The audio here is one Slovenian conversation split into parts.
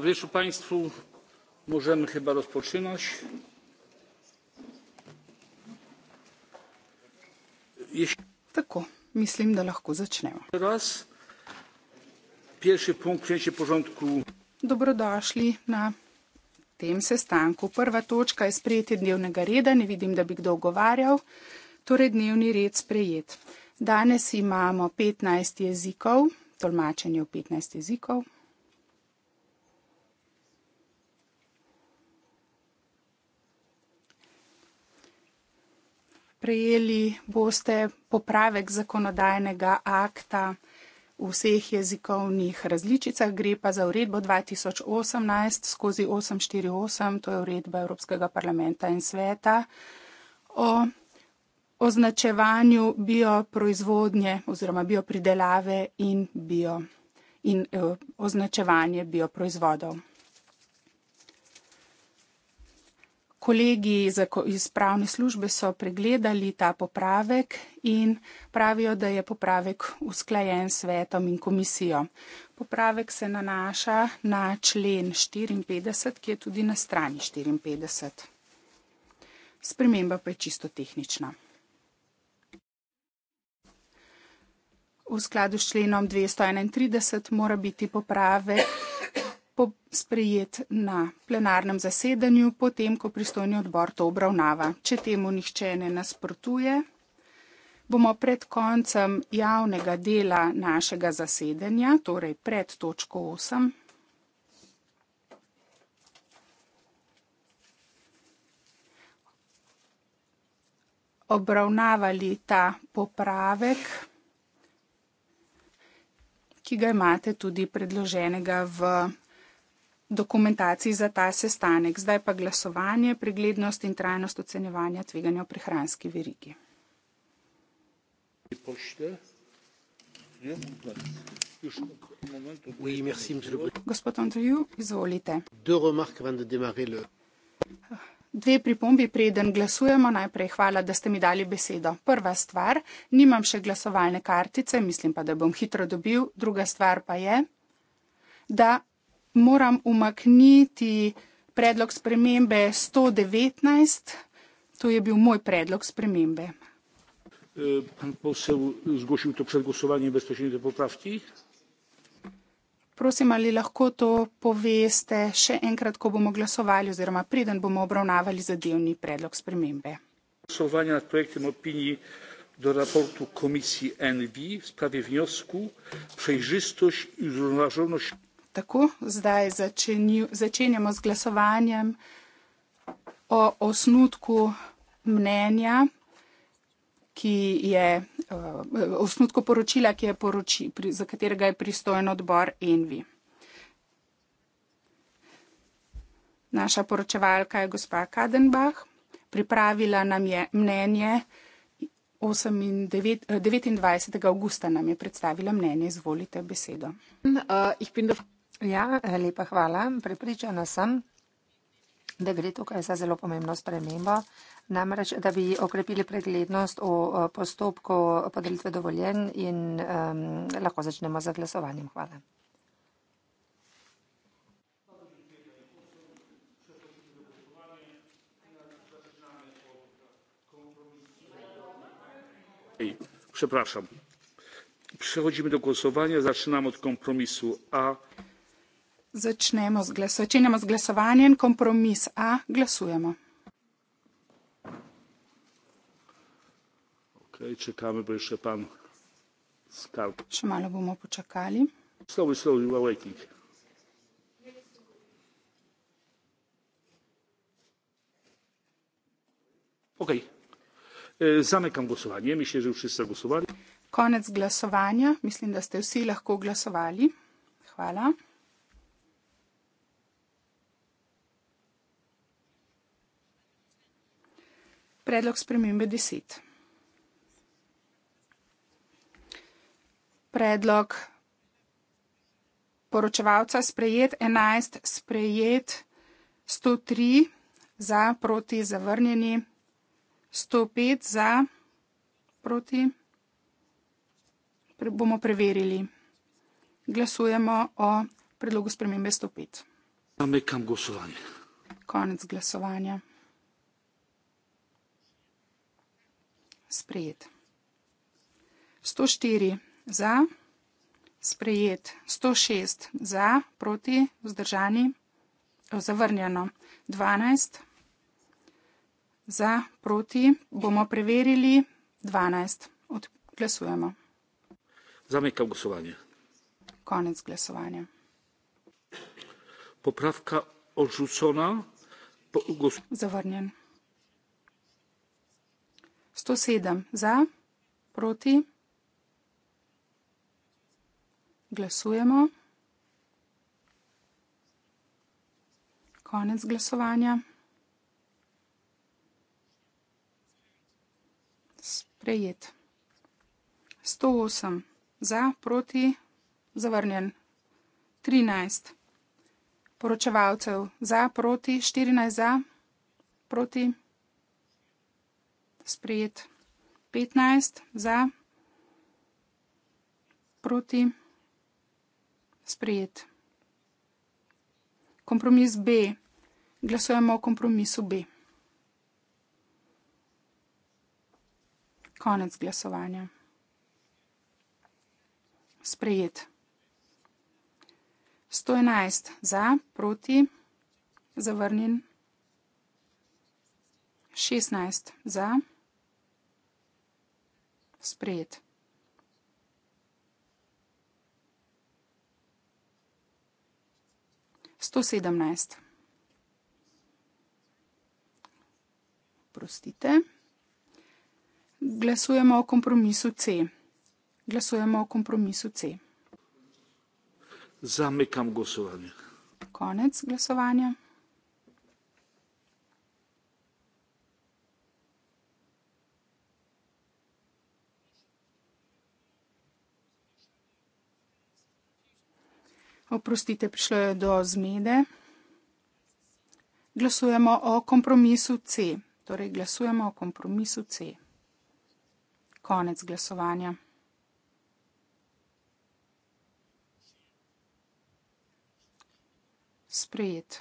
wierzę państwu możemy chyba rozpoczynać. tako mislim da lahko začnemo. raz pierwszy punkt przyjęcie porządku. dobrodošli na tem sestanku. prva točka je sprejetje dnevnega reda. ne vidim da bi kdo ogovarjal. torej dnevni red sprejet. danes imamo petnajst jezikov. tolmačenje v petnajst jezikov. sprejeli boste popravek zakonodajnega akta v vseh jezikovnih različicah, gre pa za uredbo 2018 skozi 848, to je uredba Evropskega parlamenta in sveta o označevanju bioproizvodnje oziroma biopridelave in bio in eh, označevanje bioproizvodov. kolegi iz, iz pravne službe so pregledali ta popravek in pravijo, da je popravek usklajen s svetom in komisijo. Popravek se nanaša na člen 54, ki je tudi na strani 54. Sprememba pa je čisto tehnična. V skladu s členom 231 mora biti popravek sprejet na plenarnem zasedanju, potem, ko pristojni odbor to obravnava. Če temu nihče ne nasprotuje, bomo pred koncem javnega dela našega zasedanja, torej pred točko 8, obravnavali ta popravek ki ga imate tudi predloženega v dokumentaciji za ta sestanek. Zdaj pa glasovanje, preglednost in trajnost ocenjevanja tveganja v prehranski verigi. Gospod Andriju, izvolite. Dve pripombi preden glasujemo. Najprej hvala, da ste mi dali besedo. Prva stvar, nimam še glasovalne kartice, mislim pa, da bom hitro dobil. Druga stvar pa je, da moram umakniti predlog spremembe 119. To je bil moj predlog spremembe. E, pan posel zgošil to pred glasovanjem brez težnje popravki. Prosim, ali lahko to poveste še enkrat, ko bomo glasovali oziroma preden bomo obravnavali zadevni predlog spremembe. Glasovanje nad projektom opiniji do raportu komisiji NV v spravi vniosku, prejžistoš in zrovnažornost tako. Zdaj začenju, začenjamo z glasovanjem o osnutku mnenja, ki je uh, eh, osnutko poročila, ki je poroči, pri, za katerega je pristojen odbor Envi. Naša poročevalka je gospa Kadenbach, pripravila nam je mnenje 29. Eh, augusta nam je predstavila mnenje, izvolite besedo. Uh, Ja, lepa hvala. Prepričana sem, da gre tukaj za zelo pomembno spremembo. Namreč, da bi okrepili preglednost v eh, postopku podelitve dovoljen in um, lahko začnemo z glasovanjem. Hvala. Przepraszam. Przechodzimy do głosowania. Zaczynamy od kompromisu A. Začnemo z, glas začenjamo z glasovanjem, kompromis A, glasujemo. Okay, če kam bi še pan skal. Še malo bomo počakali. Slovi, slovi, v vajki. Ok, e, zamekam glasovanje, mislim, že vsi ste glasovali. Konec glasovanja, mislim, da ste vsi lahko glasovali. Hvala. predlog spremembe 10. Predlog poročevalca sprejet 11, sprejet 103 za proti zavrnjeni, 105 za proti. Pre, bomo preverili. Glasujemo o predlogu spremembe 105. Konec glasovanja. sprejet. 104 za, sprejet 106 za, proti, vzdržani, zavrnjeno 12 za, proti, bomo preverili 12. Odglasujemo. Zamekam glasovanje. Konec glasovanja. Popravka odrzucena. Po, gos... Zavrnjen. 107 za, proti. Glasujemo. Konec glasovanja. Sprejet. 108 za, proti, zavrnjen. 13 poročevalcev za, proti, 14 za, proti sprejet. 15 za, proti, sprejet. Kompromis B. Glasujemo o kompromisu B. Konec glasovanja. Sprejet. 111 za, proti, zavrnjen. 16 za sprejet. Sto sedemnajst. Prostite. Glasujemo o kompromisu C. Glasujemo o kompromisu C. Zamekam glasovanje. Konec glasovanja. Oprostite, prišlo je do zmede. Glasujemo o kompromisu C. Torej, glasujemo o kompromisu C. Konec glasovanja. Sprejet.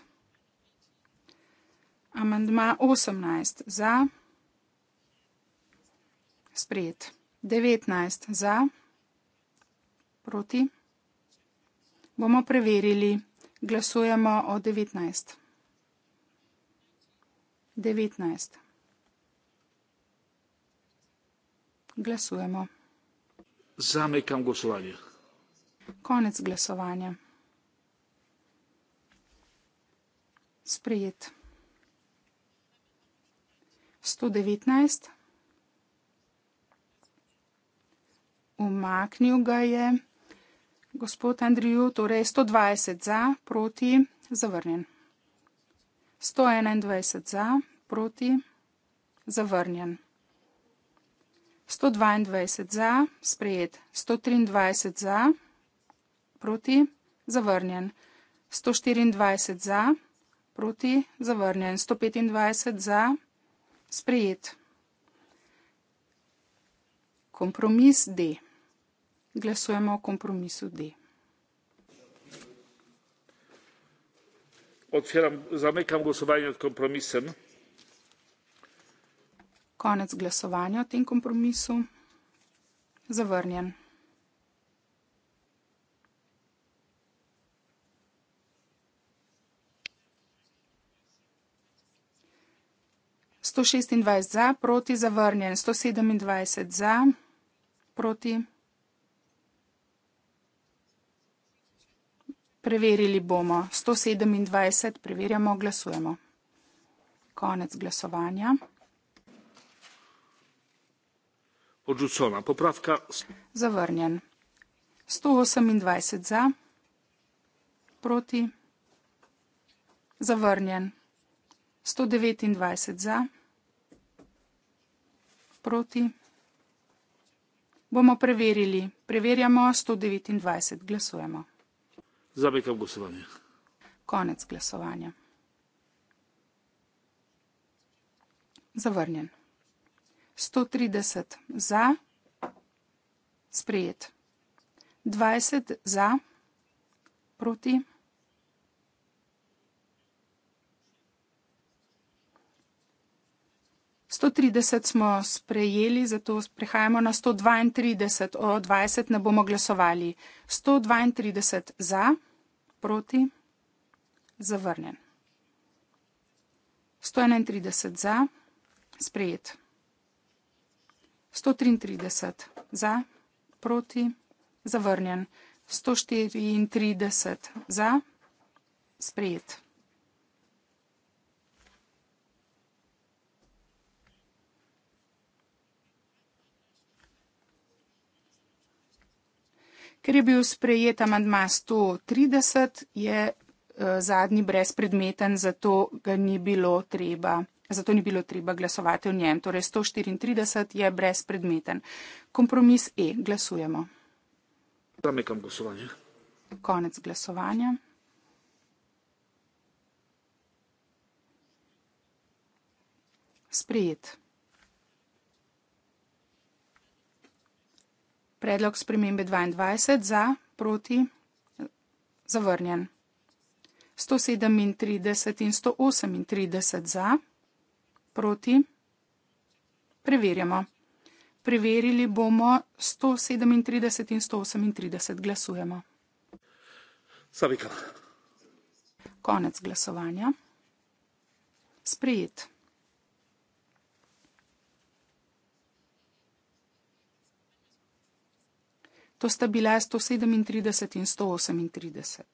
Amandma 18 za. Sprejet. 19 za. Proti. Bomo preverili. Glasujemo o 19. 19. Glasujemo. Zamekam glasovanje. Konec glasovanja. Sprejet. 119. Umaknil ga je. Gospod Andriju, torej 120 za, proti, zavrnjen. 121 za, proti, zavrnjen. 122 za, sprejet. 123 za, proti, zavrnjen. 124 za, proti, zavrnjen. 125 za, sprejet. Kompromis D. Glasujemo o kompromisu D. Odpiram, zamekam glasovanje nad kompromisem. Konec glasovanja o tem kompromisu. Zavrnjen. Sto šestindvajset za, proti zavrnjen, sto sedemindvajset za, proti. Preverili bomo 127, preverjamo, glasujemo. Konec glasovanja. Odžucona popravka. Zavrnjen. 128 za, proti. Zavrnjen. 129 za, proti. Bomo preverili. Preverjamo 129. Glasujemo. Zamekam glasovanje. Konec glasovanja. Zavrnjen. 130 za, sprejet. 20 za, proti. Sto trideset smo sprejeli, zato prehajamo na sto dvaintrideset, o dvajset ne bomo glasovali. Sto dvaintrideset za proti, zavrnjen. 131 za, sprejet. 133 za, proti, zavrnjen. 134 za, sprejet. Ker je bil sprejet amandma 130, je eh, zadnji brezpredmeten, zato ga ni bilo treba. Zato ni bilo treba glasovati o njem. Torej 134 je brezpredmeten. Kompromis E. Glasujemo. Konec glasovanja. Sprejet. Predlog spremembe 22 za, proti, zavrnjen. 137 in 138 za, proti, preverjamo. Preverili bomo 137 in 138 glasujemo. Savika. Konec glasovanja. Sprejet. to sta bile 137 in 138.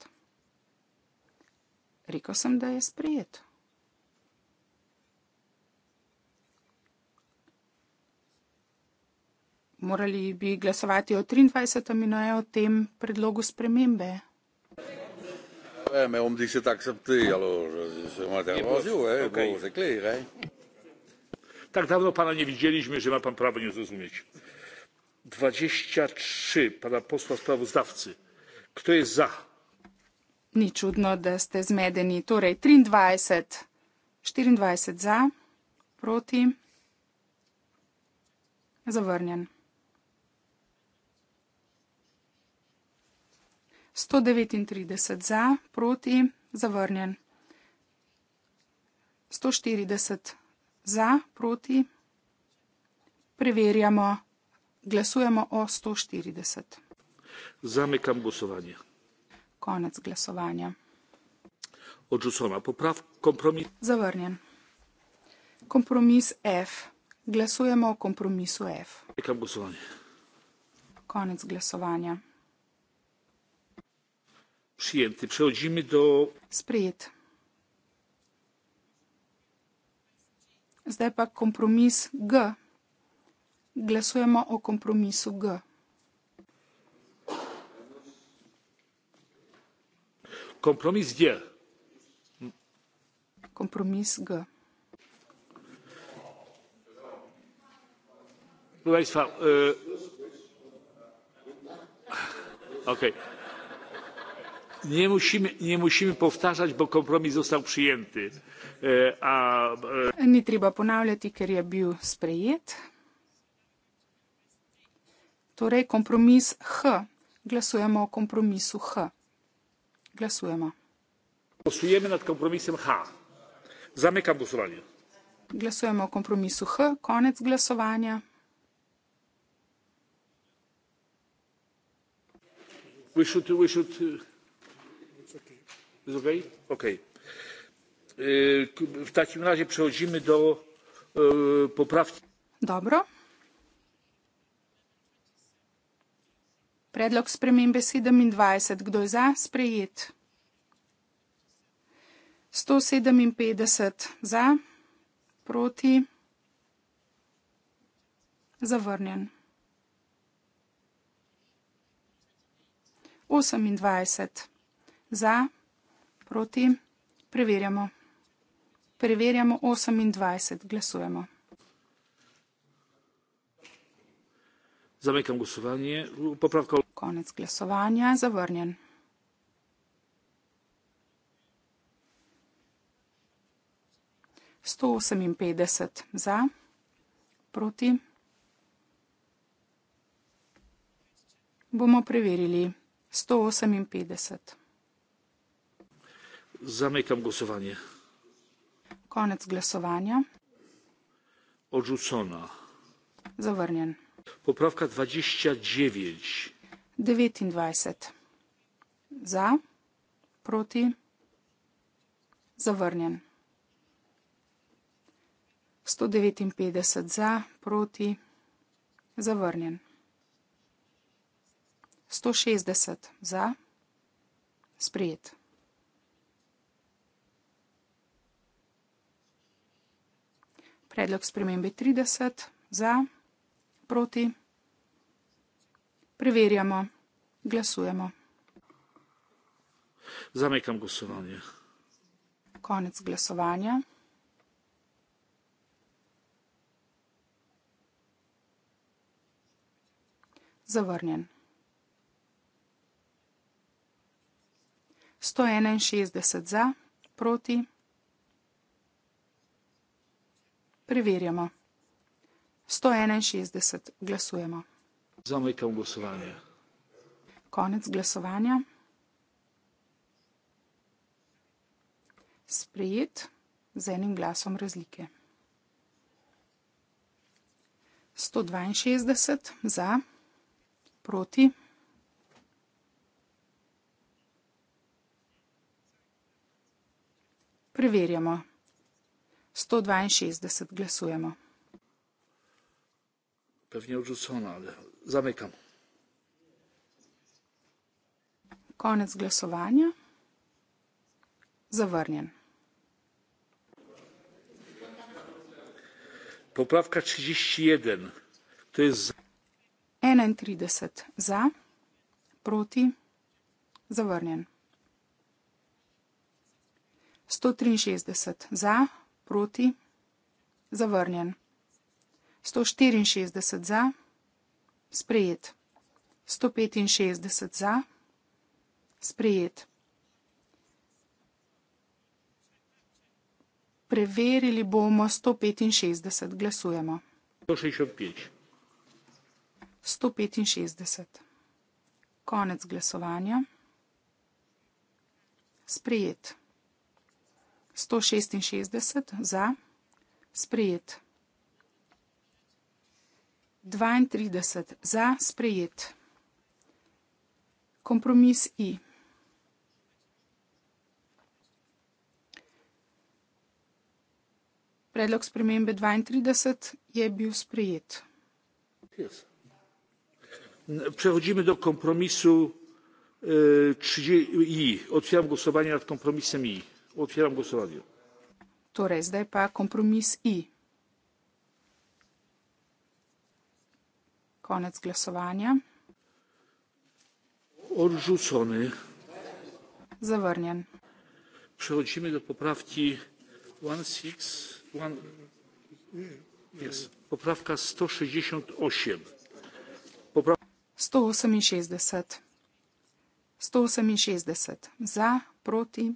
Rekl sem, da je sprejet. Morali bi glasovati o 23. minuje o tem predlogu spremembe. Mais eh, on me dit que c'est accepté, alors je m'en tiens pas sûr, c'est clair. Hein? Tak dawno pana nie widzieliśmy, że ma pan prawo nie zrozumieć dwadzieścia trzy pana posła sprawozdawcy. Kto jest za? Ni čudno, da ste zmedeni. Torej, 23, 24 za, proti, zavrnjen. 139 za, proti, zavrnjen. 140 za, proti, preverjamo. Glasujemo o 140. Zamekam glasovanje. Konec glasovanja. Odžusoma poprav kompromis. Zavrnjen. Kompromis F. Glasujemo o kompromisu F. Zamekam glasovanje. Konec glasovanja. Prijeti. Prehodimo do. Sprejet. Zdaj pa kompromis G. Glasujemo o kompromisu G. Kompromis G. Kompromis G. Proszę Państwa, e, okay. nie, musimy, nie musimy powtarzać, bo kompromis został przyjęty. E, a, e. Nie trzeba ponawiać, ker je był przyjęty. Torej kompromis H. Glasujemo o kompromisu H. Glasujemo. Glasujemo nad kompromisom H. Zamekam glasovanje. Glasujemo o kompromisu H. Konec glasovanja. We should, we should, uh, it's okay. It's okay? Okay. Yy, uh, w takim razie przechodzimy do yy, uh, poprawki. Dobro. Predlog spremembe 27. Kdo je za sprejet? 157 za, proti, zavrnjen. 28 za, proti, preverjamo. Preverjamo 28, glasujemo. Zamekam glasovanje. Popravka. Konec glasovanja. Zavrnjen. Sto oseminpetdeset za, proti. Bomo preverili. Sto oseminpetdeset. Zamekam glasovanje. Konec glasovanja. Odrzucona. Zavrnjen. Popravka 29. 29. Za, proti, zavrnjen. 159 za, proti, zavrnjen. 160 za, sprejet. Predlog spremembe 30 za. Proti? Preverjamo. Glasujemo. Zamekam glasovanje. Konec glasovanja. Zavrnjen. 161 za, proti. Preverjamo. 161 glasujemo. Zamekam glasovanje. Konec glasovanja. Sprejet z enim glasom razlike. 162 za, proti. Preverjamo. 162 glasujemo pewnie odrzucona, ale zamykam. Koniec głosowania. Zawarnien. Poprawka 31. To jest. 31 za, proti, zawarnien. 163 za, proti, zawarnien. 164 za, sprejet. 165 za, sprejet. Preverili bomo 165, glasujemo. 165. 165. Konec glasovanja. Sprejet. 166 za. Sprejet. 32 za sprejet. Kompromis I. Predlog spremembe 32 je bil sprejet. Prehodimo do kompromisu eh, 3i. Odpiram glasovanje nad kompromisem i. Odpiram glasovanje. Torej, zdaj pa kompromis i. Konec glasovanja. Odrzucony. Zavrnjen. Przechodzimy do poprawki 16. One... Poprawka 168. Popraw... 168. 168. Za, proti.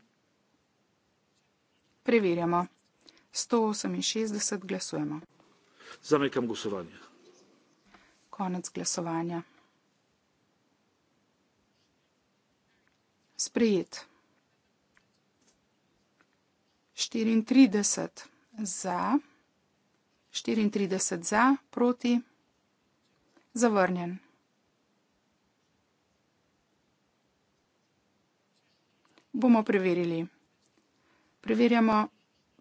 Preverjamo. 168 glasujemo. Zamykam głosowanie konec glasovanja. Sprejet. 34 za, 34 za, proti, zavrnjen. Bomo preverili. Preverjamo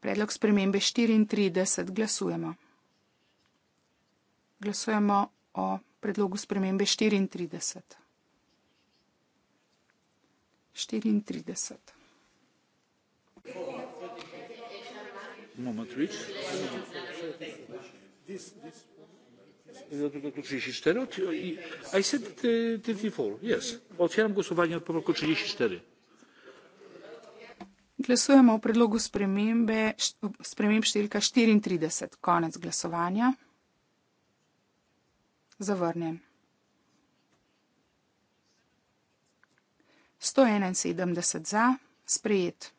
predlog spremembe 34, glasujemo. Glasujemo o predlogu spremembe 34. 34. I said 34, yes. Otwieram głosowanie od poprawku 34. Glasujemo o predlogu spremembe, spremembe številka 34. Konec glasovanja zavrnjen. 171 za, sprejet.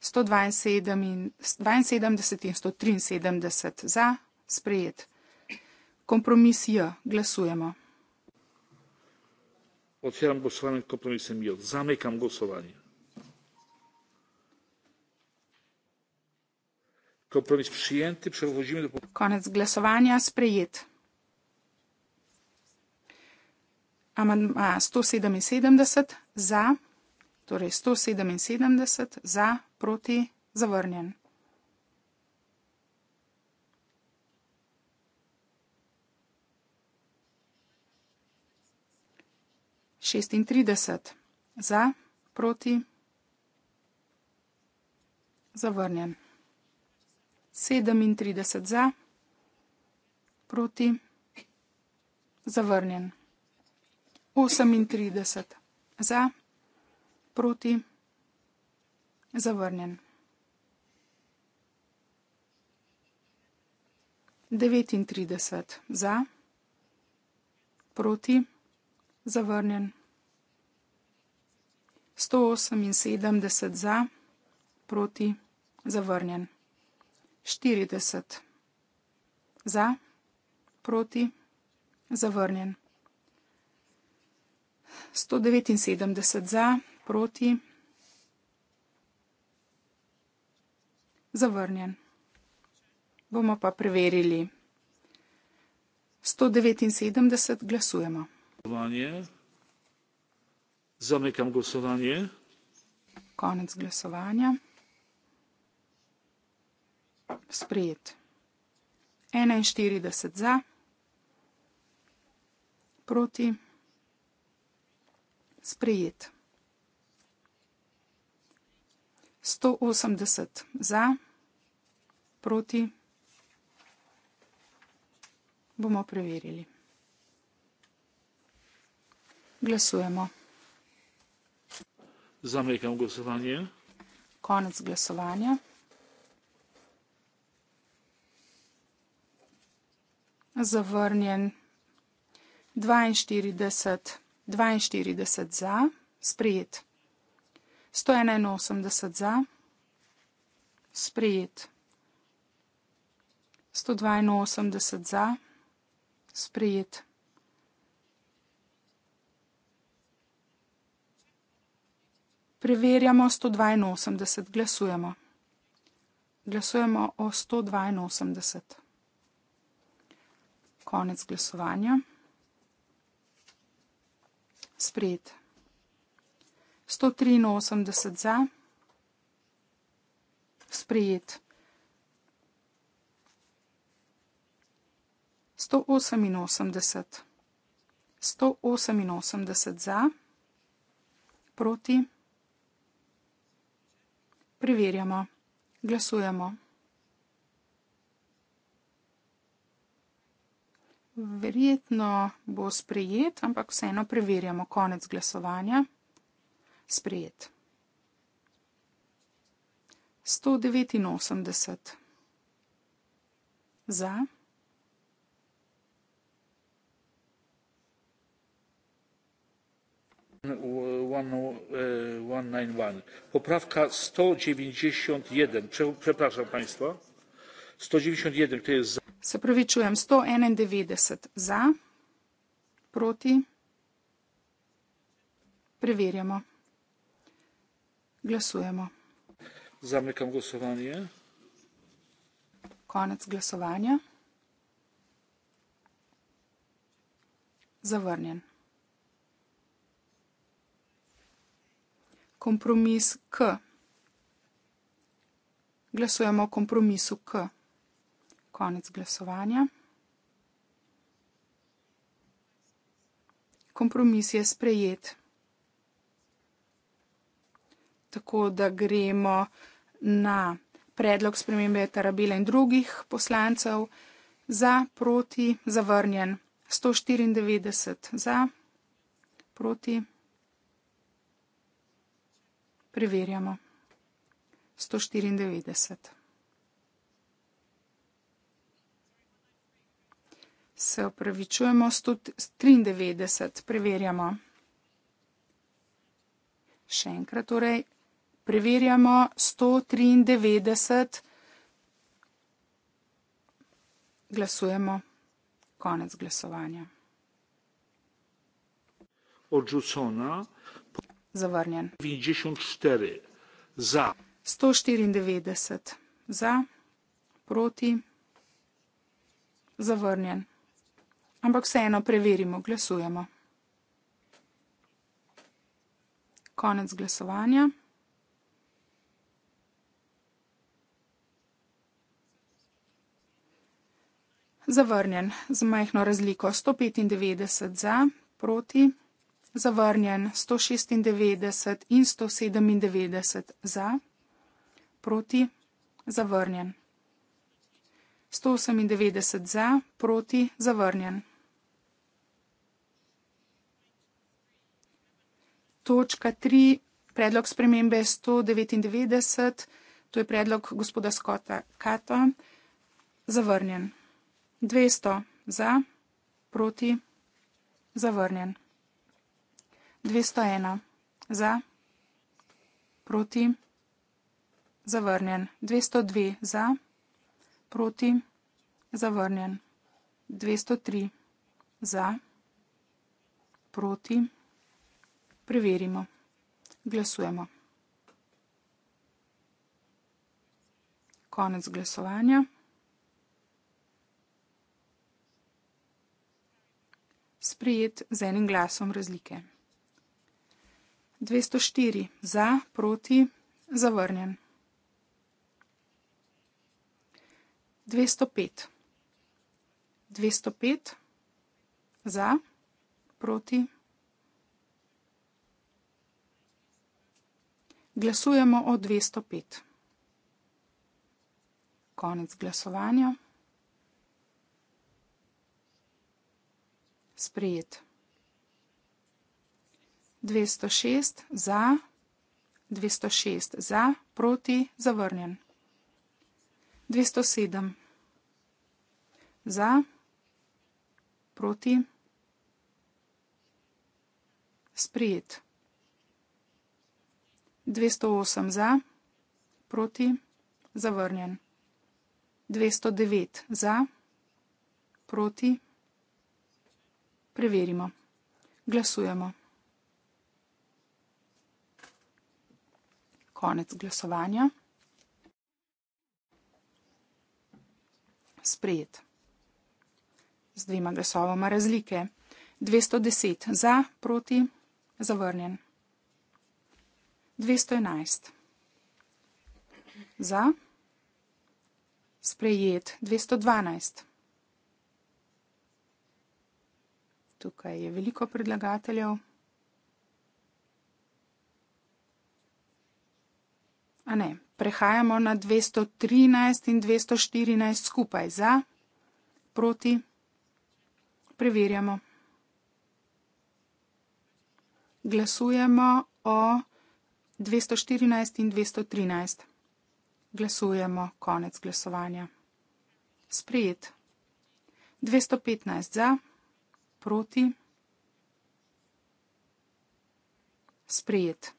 172 in 173 za, sprejet. Kompromis J, glasujemo. Odpiram glasovanje s kompromisom J, zamekam glasovanje. Kompromis prijeti, preložimo do. Konec glasovanja, sprejet. amandma 177 za, torej 177 za proti zavrnjen. Šestintrideset za, proti, zavrnjen. Sedemintrideset za, proti, zavrnjen. 38 za, proti, zavrnjen. 39 za, proti, zavrnjen. 178 za, proti, zavrnjen. 40 za, proti, zavrnjen. 179 za, proti, zavrnjen. Bomo pa preverili. 179 glasujemo. Glasovanje. Zamekam glasovanje. Konec glasovanja. Sprijet. 41 za, proti sprejet. 180 za, proti bomo preverili. Glasujemo. Zamekam glasovanje. Konec glasovanja. Zavrnjen 42. 42 za, sprejet. 181 za, sprejet. 182 za, sprejet. 182, glasujemo. Glasujemo o 182. Konec glasovanja sprejet. 183 za, sprejet. 188, 188 za, proti. Preverjamo, glasujemo. Verjetno bo sprejet, ampak vseeno preverjamo konec glasovanja. Sprejet. 189 za. 191. Poprawka 191. Prze przepraszam Państwa. 191 to jest za se pravi, čujem 191 za, proti, preverjamo, glasujemo. Zamekam glasovanje. Konec glasovanja. Zavrnjen. Kompromis K. Glasujemo o kompromisu K konec glasovanja. Kompromis je sprejet. Tako da gremo na predlog spremembe Tarabela in drugih poslancev za, proti, zavrnjen. 194 za, proti. Preverjamo. 194. Se opravičujemo, 193 preverjamo. Še enkrat torej, preverjamo 193, glasujemo, konec glasovanja. Odžusona. Zavrnjen. 94 za. 194 za, proti, zavrnjen ampak vseeno preverimo, glasujemo. Konec glasovanja. Zavrnjen z majhno razliko 195 za, proti, zavrnjen 196 in 197 za, proti, zavrnjen. 198 za, proti, zavrnjen. Točka 3, predlog spremembe 199, to je predlog gospoda Skota Kato, zavrnjen. 200 za, proti, zavrnjen. 201 za, proti, zavrnjen. 202 za, proti, zavrnjen. 203 za, proti, zavrnjen. Preverimo. Glasujemo. Konec glasovanja. Sprijet z enim glasom razlike. 204 za, proti, zavrnjen. 205. 205 za, proti, zavrnjen. Glasujemo o 205. Konec glasovanja. Sprejet. 206 za, 206 za, proti, zavrnjen. 207 za, proti, sprejet. 208. 208 za, proti, zavrnjen. 209 za, proti, preverimo. Glasujemo. Konec glasovanja. Sprejet. Z dvema glasovoma razlike. 210 za, proti, zavrnjen. 211. Za sprejet 212. Tukaj je veliko predlagateljev. A ne, prehajamo na 213 in 214 skupaj za, proti, preverjamo. Glasujemo o 214 in 213. Glasujemo konec glasovanja. Sprejet. 215 za, proti. Sprejet.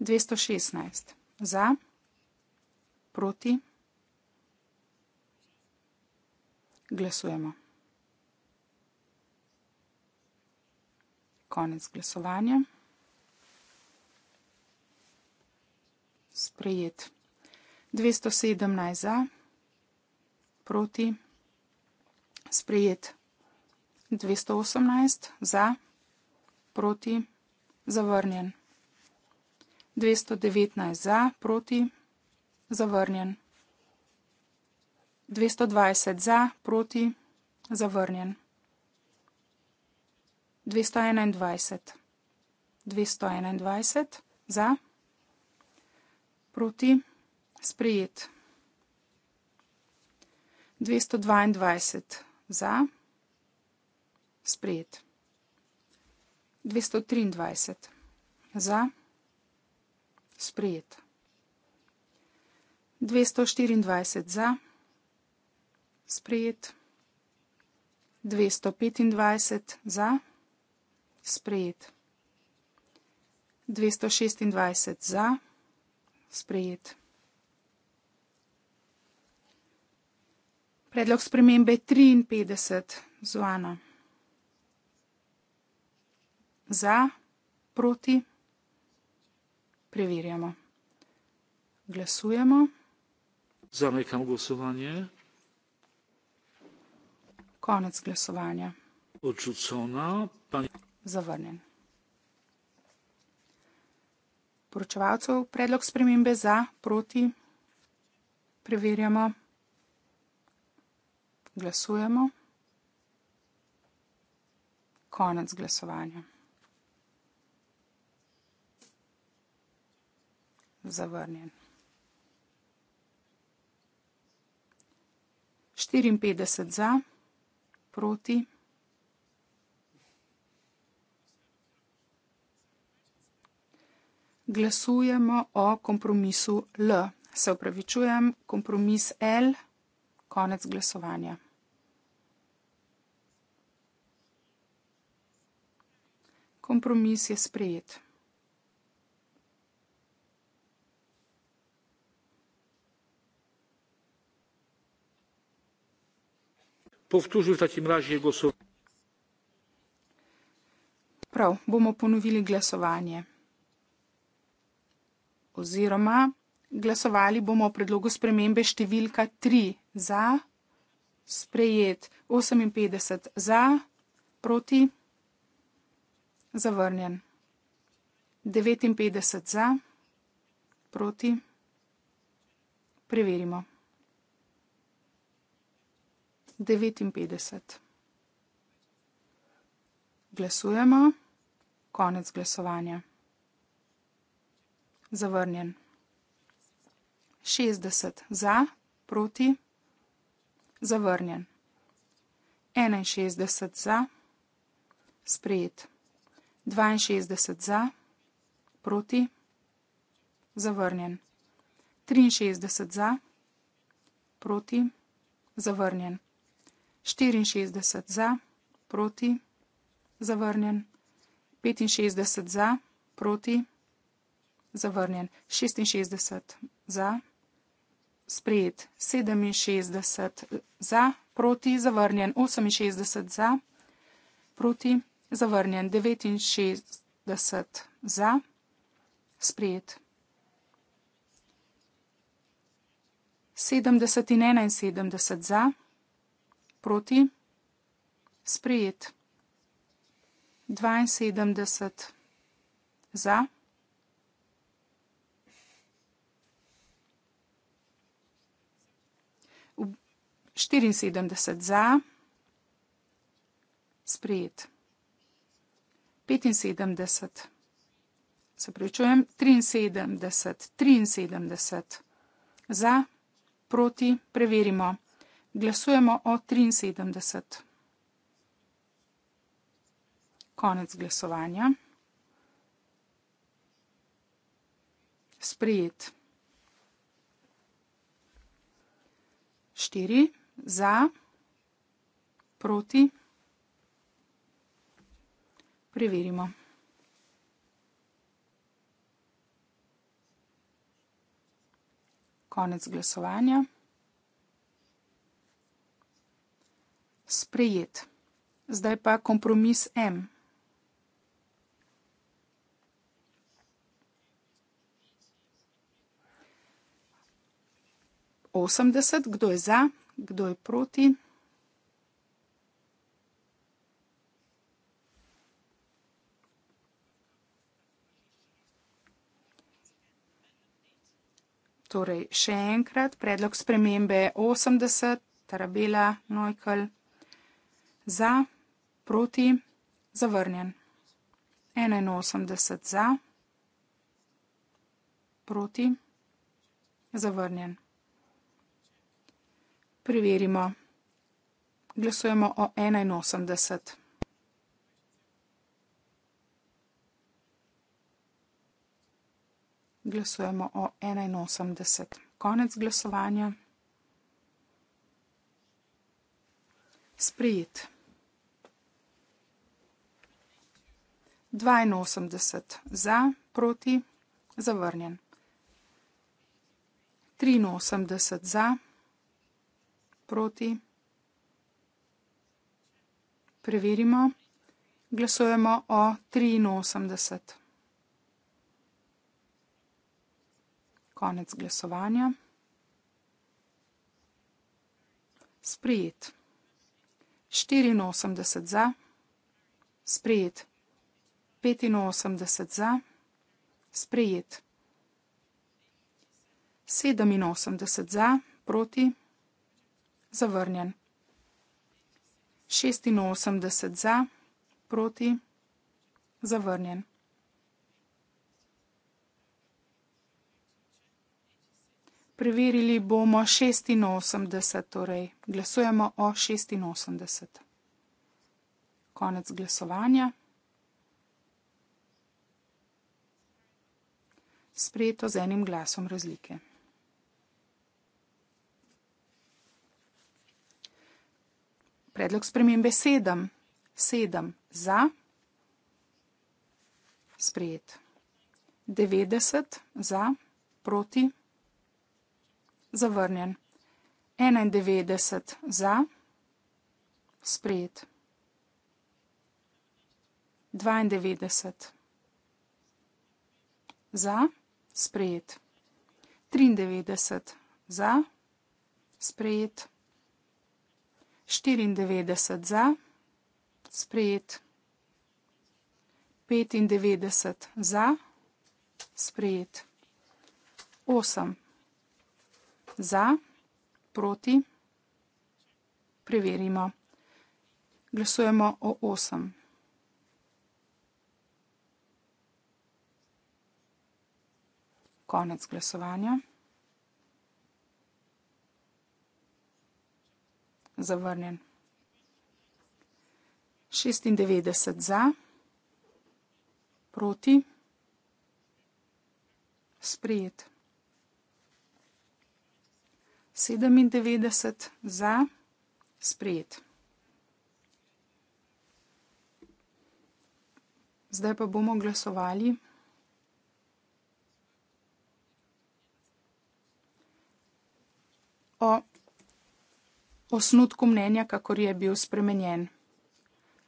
216 za, proti. Glasujemo. Konec glasovanja. sprejet. 217 za, proti, sprejet. 218 za, proti, zavrnjen. 219 za, proti, zavrnjen. 220 za, proti, zavrnjen. 221. 221 za proti sprejet. 222 za sprejet. 223 za sprejet. 224 za sprejet. 225 za sprejet. 226 za sprejet sprejet. Predlog spremembe 53, Zoana. Za, proti, preverjamo. Glasujemo. Zamekam glasovanje. Konec glasovanja. Odčucona. Pani... Zavrnjen. poročevalcev predlog spremembe za, proti. Preverjamo. Glasujemo. Konec glasovanja. Zavrnjen. 54 za, proti. glasujemo o kompromisu L. Se upravičujem, kompromis L, konec glasovanja. Kompromis je sprejet. Povtužil v takim razi glasovanje. Prav, bomo ponovili glasovanje oziroma glasovali bomo o predlogu spremembe številka 3 za, sprejet 58 za, proti, zavrnjen. 59 za, proti, preverimo. 59. Glasujemo. Konec glasovanja zavrnjen. 60 za, proti, zavrnjen. 61 za, sprejet. 62 za, proti, zavrnjen. 63 za, proti, zavrnjen. 64 za, proti, zavrnjen. 65 za, proti, zavrnjen zavrnjen 66 za, sprejet 67 za, proti zavrnjen 68 za, proti zavrnjen 69 za, sprejet 70 in 71 za, proti sprejet 72 za. 74 za, sprejet. 75, se pričujem, 73, 73 za, proti, preverimo. Glasujemo o 73. Konec glasovanja. Sprejet. 4 za, proti. Preverimo. Konec glasovanja. Sprejet. Zdaj pa kompromis M. Osemdeset, kdo je za? kdo je proti. Torej, še enkrat, predlog spremembe 80, Tarabela, Nojkel, za, proti, zavrnjen. 81 za, proti, zavrnjen. Preverimo. Glasujemo o 81. Glasujemo o 81. Konec glasovanja. Sprijet. 82 za, proti, zavrnjen. 83 za, proti proti. Preverimo. Glasujemo o 83. Konec glasovanja. Sprijet. 84 za. Sprijet. 85 za. Sprijet. 87 za. Proti zavrnjen. 86 za, proti, zavrnjen. Preverili bomo 86, torej glasujemo o 86. Konec glasovanja. Sprejeto z enim glasom razlike. Predlog spremembe 7. 7 za. Sprejet. 90 za, proti. Zavrnjen. 91 za. Sprejet. 92 za, sprejet. 93 za, sprejet. 94 za, sprejet. 95 za, sprejet. 8 za, proti. Preverimo. Glasujemo o 8. Konec glasovanja. zavrnjen. 96 za, proti, sprijet. 97 za, sprijet. Zdaj pa bomo glasovali. O osnutku mnenja, kakor je bil spremenjen.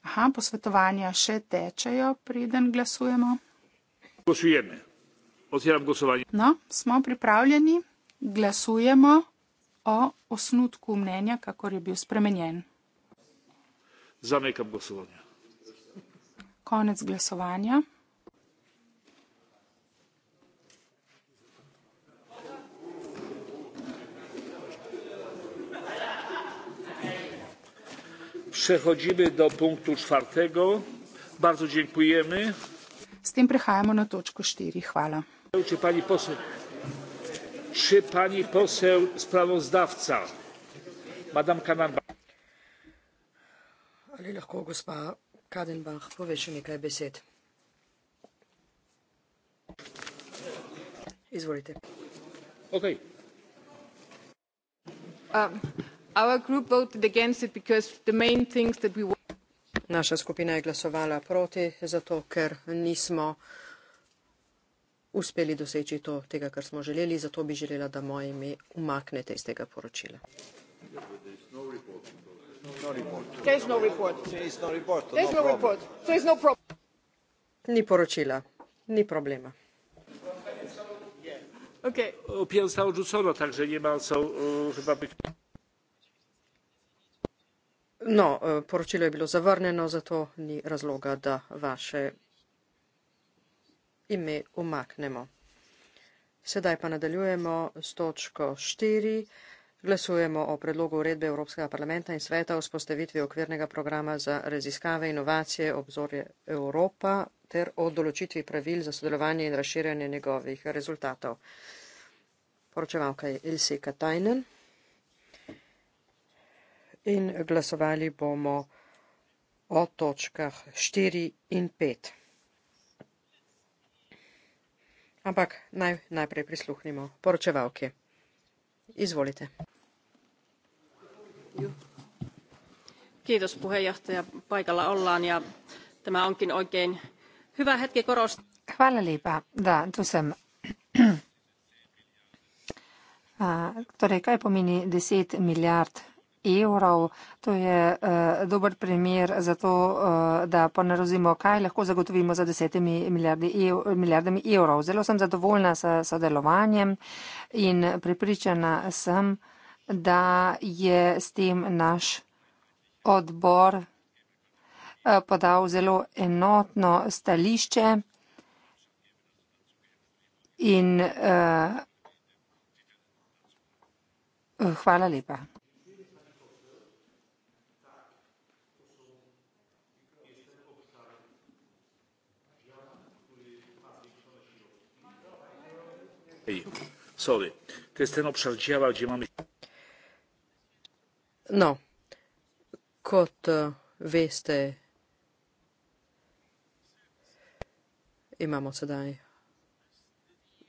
Aha, posvetovanja še tečejo, preden glasujemo. Glasujeme. Odpiram glasovanje. No, smo pripravljeni. Glasujemo o osnutku mnenja, kakor je bil spremenjen. Zamekam glasovanje. Konec glasovanja. Prehodimo do punktu četrtega. Bardzo dziękujemy. S tem prehajamo na točko štiri. Hvala. Če pani posel, če pani posel spravozdavca, madam Kadenbach. Ali lahko gospa Kadenbach pove še nekaj besed? Izvolite. Ok. Um. Naša skupina je glasovala proti, zato ker nismo uspeli doseči to, tega, kar smo želeli, zato bi želela, da moje ime umaknete iz tega poročila. No no no ni poročila, ni problema. Okay. Opjem sta odrzucona, takže nemal som uh, e, chyba byť... No, eh, poročilo je bilo zavrnjeno, zato ni razloga, da vaše ime umaknemo. Sedaj pa nadaljujemo s točko 4. Glasujemo o predlogu uredbe Evropskega parlamenta in sveta o spostavitvi okvirnega programa za raziskave in inovacije obzorje Evropa ter o določitvi pravil za sodelovanje in razširjanje njegovih rezultatov. Poročevalka je Ilse Katajnen in glasovali bomo o točkah štiri in pet. Ampak naj najprej prisluhnimo poročevalki. Izvolite. Kiitos puheenjohtaja. Paikalla ollaan ja tämä onkin oikein hyvä hetki korostaa. Hvala lepa, da tu sem. Uh, torej, kaj pomeni 10 milijard evrov. To je uh, dober primer za to, uh, da ponarozimo, kaj lahko zagotovimo za desetimi milijardami evrov. Zelo sem zadovoljna s sodelovanjem in pripričana sem, da je s tem naš odbor eh, podal zelo enotno stališče in uh, hvala lepa. sorry. To jest ten obszar działa, gdzie mamy. No, kot e, veste, imamo sedaj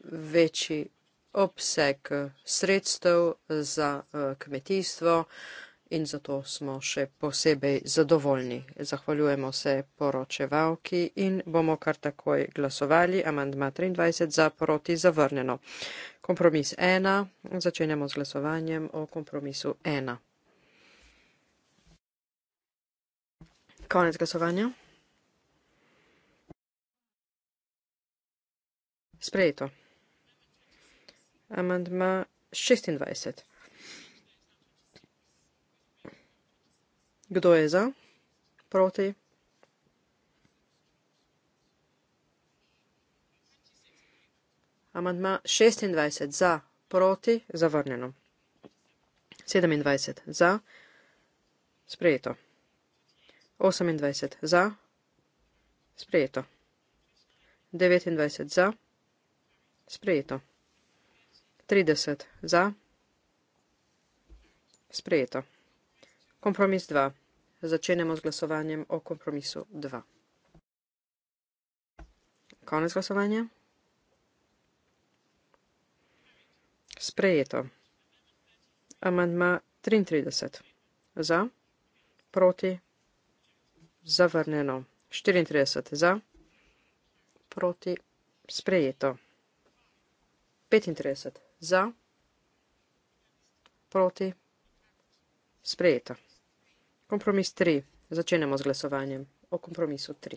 večji obseg e, sredstev za e, kmetijstvo in zato smo še posebej zadovoljni. Zahvaljujemo se poročevalki in bomo kar takoj glasovali. Amandma 23 za proti zavrnjeno. Kompromis 1. Začenjamo z glasovanjem o kompromisu 1. Konec glasovanja. Sprejeto. Amandma 26. Kdo je za? Proti? Amandma 26 za, proti, zavrnjeno. 27 za, sprejeto. 28 za, sprejeto. 29 za, sprejeto. 30 za, sprejeto. Kompromis 2 začenjamo z glasovanjem o kompromisu 2. Konec glasovanja. Sprejeto. Amandma 33. Za, proti, zavrnjeno. 34. Za, proti, sprejeto. 35. Za, proti, sprejeto. Kompromis 3. Začenjamo z glasovanjem o kompromisu 3.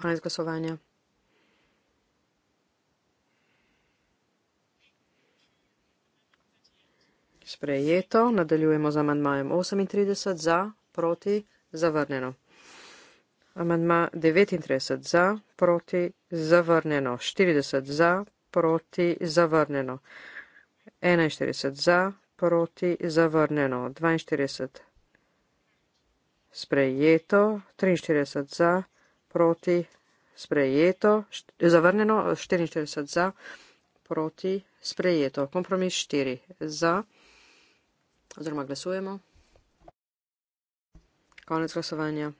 Konec glasovanja. Sprejeto, nadaljujemo z amandmajem 38 za, proti, zavrnjeno. Amandma 39 za, proti, zavrnjeno. 40 za, proti, zavrnjeno. 41 za, proti zavrnjeno 42, sprejeto 43 za proti sprejeto, zavrnjeno 44 za proti sprejeto, kompromis 4 za, oziroma glasujemo. Konec glasovanja.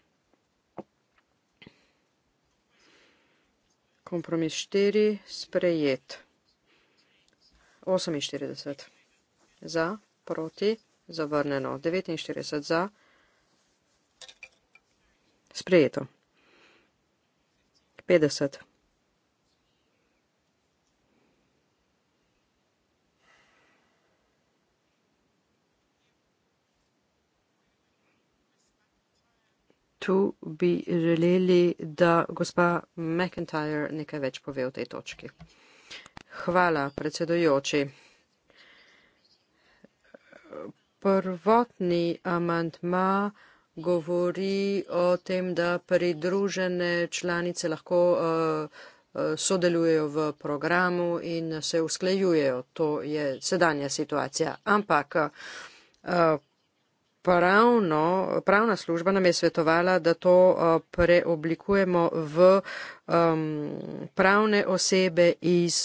Kompromis 4 sprejet. 48 za, proti, zavrnjeno, 49 za, sprejeto. 50. Tu bi želeli, da gospa McIntyre nekaj več pove o tej točki. Hvala, predsedojoči prvotni amantma govori o tem, da pridružene članice lahko eh, eh, sodelujejo v programu in se usklejujejo. To je sedanja situacija. Ampak eh, pravno, pravna služba nam je svetovala, da to preoblikujemo v pravne osebe iz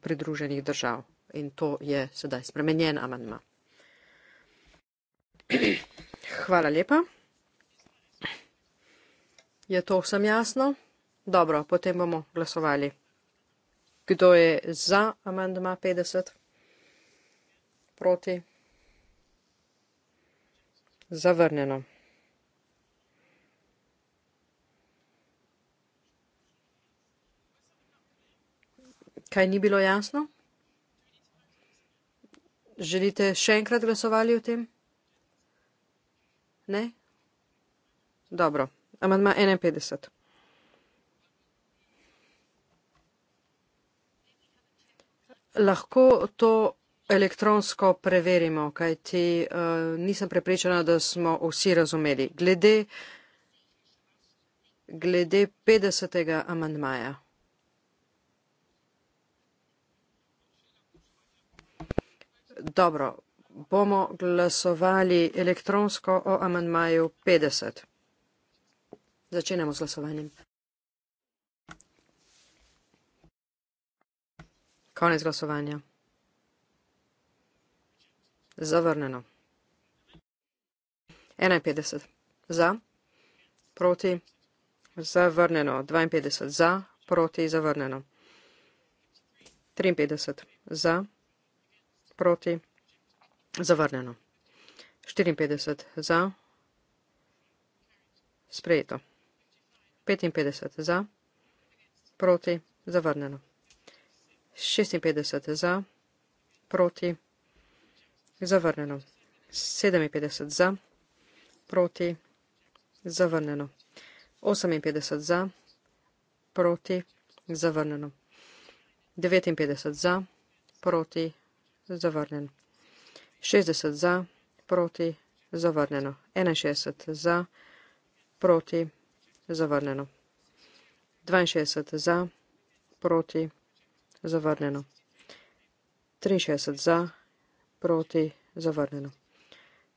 pridruženih držav. In to je sedaj spremenjen amandma. Hvala lepa. Je to vsem jasno? Dobro, potem bomo glasovali. Kdo je za amendma 50? Proti? Zavrnjeno. Kaj ni bilo jasno? Želite še enkrat glasovali o tem? Ne? Dobro, amandma 51. Lahko to elektronsko preverimo, kajti uh, nisem prepričana, da smo vsi razumeli. Glede, glede 50. amandmaja. Dobro, bomo glasovali elektronsko o amandmaju 50. Začenjamo z glasovanjem. Konec glasovanja. Zavrneno. 51 za, proti, zavrneno. 52 za, proti, zavrneno. 53 za, proti, zavrneno. Zavrnjeno. 54 za. Sprejeto. 55 za. Proti. Zavrnjeno. 56 za. Proti. Zavrnjeno. 57 za. Proti. Zavrnjeno. 58 za. Proti. Zavrnjeno. 59 za. Proti. Zavrnjeno. 60 za, proti, zavrnjeno. 61 za, proti, zavrnjeno. 62 za, proti, zavrnjeno. 63 za, proti, zavrnjeno.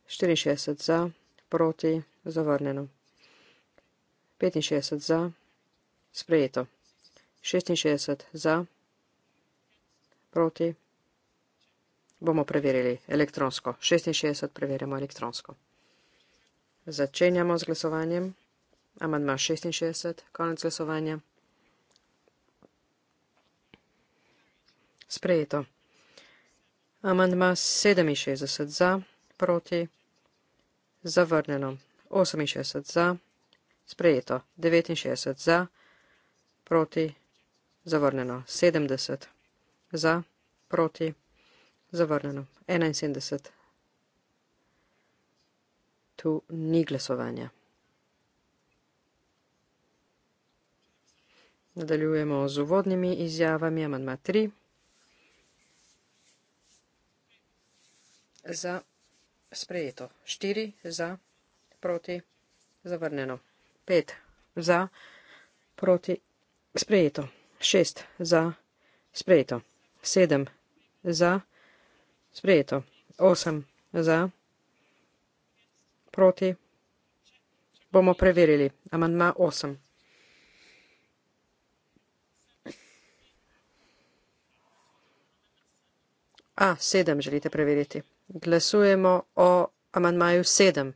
64 za, proti, zavrnjeno. 65 za, sprejeto. 66 za, proti, zavrnjeno bomo preverili elektronsko. 66 preverjamo elektronsko. Začenjamo z glasovanjem. Amandma 66, konec glasovanja. Sprejeto. Amandma 67 za, proti, zavrnjeno. 68 za, sprejeto. 69 za, proti, zavrnjeno. 70 za, proti. Zavrnjeno. 71. Tu ni glasovanja. Nadaljujemo z uvodnimi izjavami. Amandma 3. Za sprejeto. 4. Za. Proti. Zavrnjeno. 5. Za. Proti. Sprejeto. 6. Za. Sprejeto. 7. Za. Proti. Sprejeto. 8 za. Proti. Bomo preverili. Amandma 8. A, 7 želite preveriti. Glasujemo o amandmaju 7.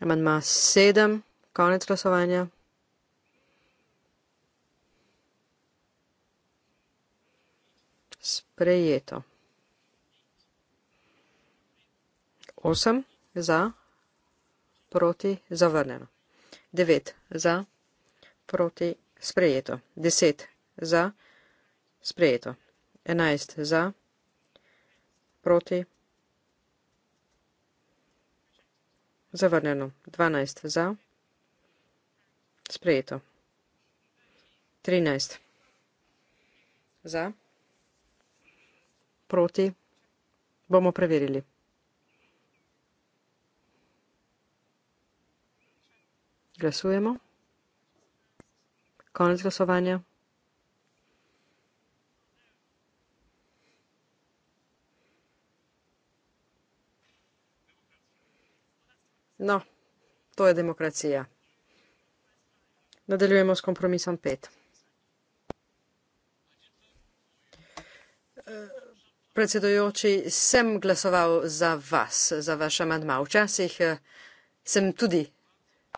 Amandma 7. Konec glasovanja. prejeto. 8 za, proti zavrnjeno. 9 za, proti sprejeto. 10 za, sprejeto. 11 za, proti zavrnjeno. 12 za, sprejeto. 13 za, sprejeto proti, bomo preverili. Glasujemo. Konec glasovanja. No, to je demokracija. Nadaljujemo s kompromisom pet. Uh. Predsedujoči, sem glasoval za vas, za vaš amantma. Včasih eh, sem tudi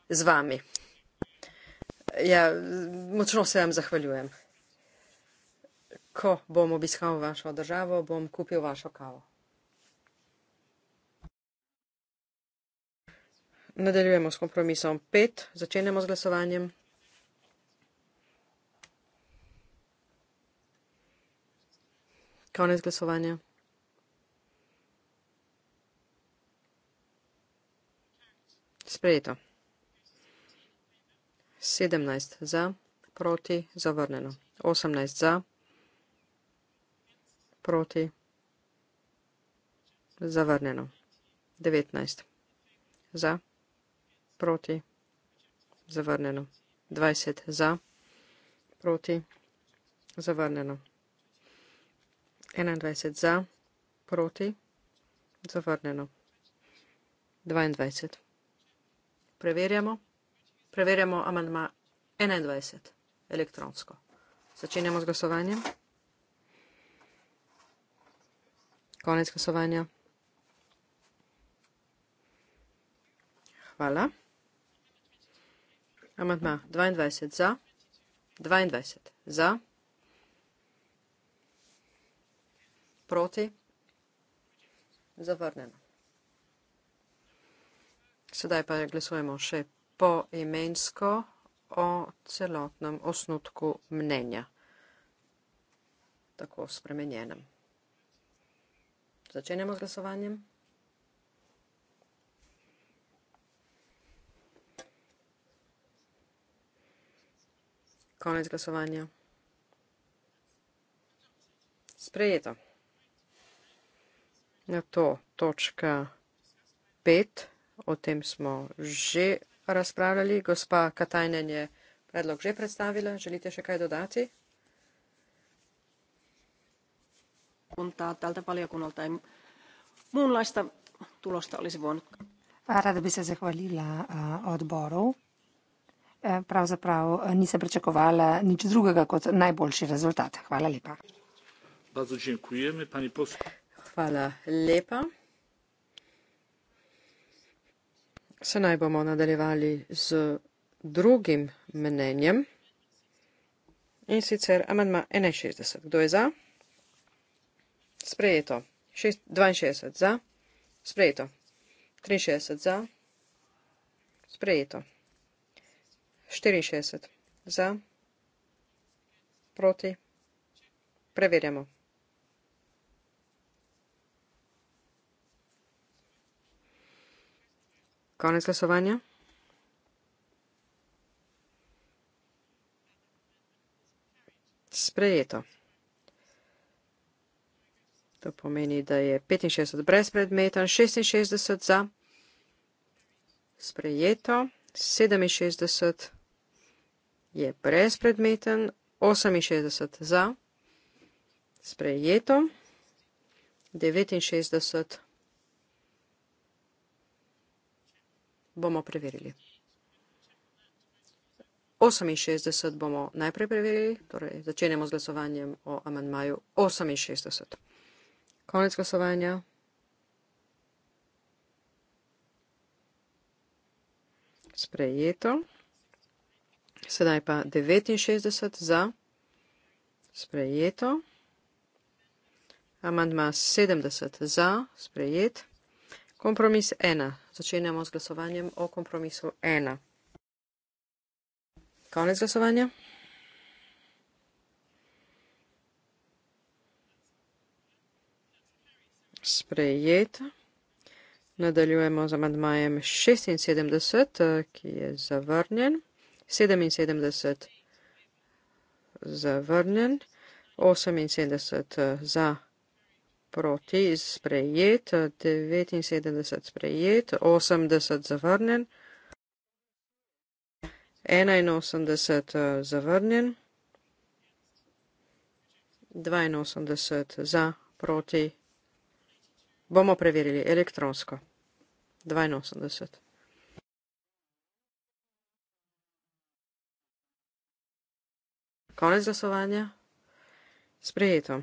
z vami. Ja, močno se vam zahvaljujem. Ko bom obiskal vašo državo, bom kupil vašo kavo. Nadaljujemo s kompromisom pet, začenjamo z glasovanjem. Konec glasovanja. Sprejeto. 17 za, proti, zavrnjeno. 18 za, proti, zavrnjeno. 19 za, proti, zavrnjeno. 20 za, proti, zavrnjeno. 21 za, proti, zavrnjeno. 22. Preverjamo. Preverjamo amandma 21 elektronsko. Začenjamo z glasovanjem. Konec glasovanja. Hvala. Amandma 22 za. 22 za. Proti? Zavrnjeno. Sedaj pa glasujemo še poimensko o celotnem osnutku mnenja, tako spremenjenem. Začenjamo z glasovanjem. Konec glasovanja. Sprejeto na to točka pet, o tem smo že razpravljali. Gospa Katajnen je predlog že predstavila. Želite še kaj dodati? Rada bi se zahvalila odboru. E, pravzaprav nisem pričakovala nič drugega kot najboljši rezultat. Hvala lepa. Hvala lepa. Se naj bomo nadaljevali z drugim mnenjem. In sicer amandma 61. Kdo je za? Sprejeto. 62 za. Sprejeto. 63 za. Sprejeto. 64 za. Proti. Preverjamo. Konec glasovanja. Sprejeto. To pomeni, da je 65 brezpredmeten, 66 za. Sprejeto. 67 je brezpredmeten, 68 za. Sprejeto. 69 bomo preverili. 68 bomo najprej preverili, torej začenjamo z glasovanjem o amenmaju 68. Konec glasovanja. Sprejeto. Sedaj pa 69 za. Sprejeto. Amandma 70 za. Sprejet. Kompromis 1 začenjamo z glasovanjem o kompromisu 1. Konec glasovanja. Sprejeta. Nadaljujemo z amadmajem 76, ki je zavrnjen. 77 zavrnjen. 78 za proti sprejet, 79 sprejet, 80 zavrnjen, 81 eh, zavrnjen, 82 za, proti. Bomo preverili elektronsko. 82. Konec glasovanja. Sprejeto.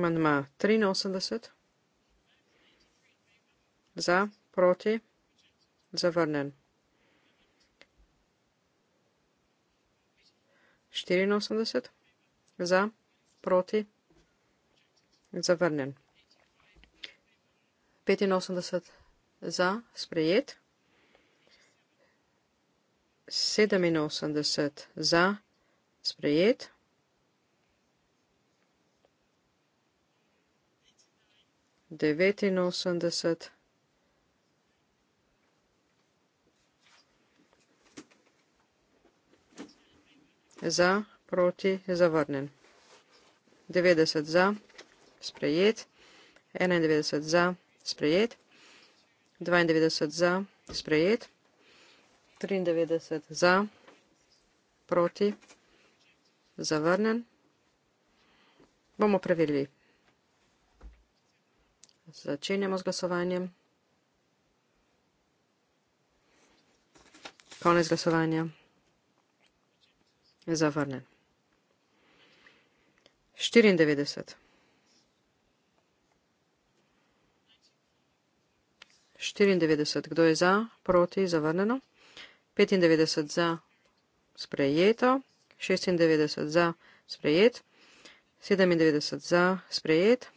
Amandma 83, za, proti, zavrnen. 84, za, proti, zavrnen. 85, za, sprejet. 87, za, sprejet. 89. Za, proti, zavrnen. 90 za, sprejet. 91 za, sprejet. 92 za, sprejet. 93 za, proti, zavrnen. Bomo preverili. Začenjamo z glasovanjem. Konec glasovanja. Zavrne. 94. 94. Kdo je za, proti, zavrneno? 95 za, sprejeto. 96 za, sprejet. 97 za, sprejet.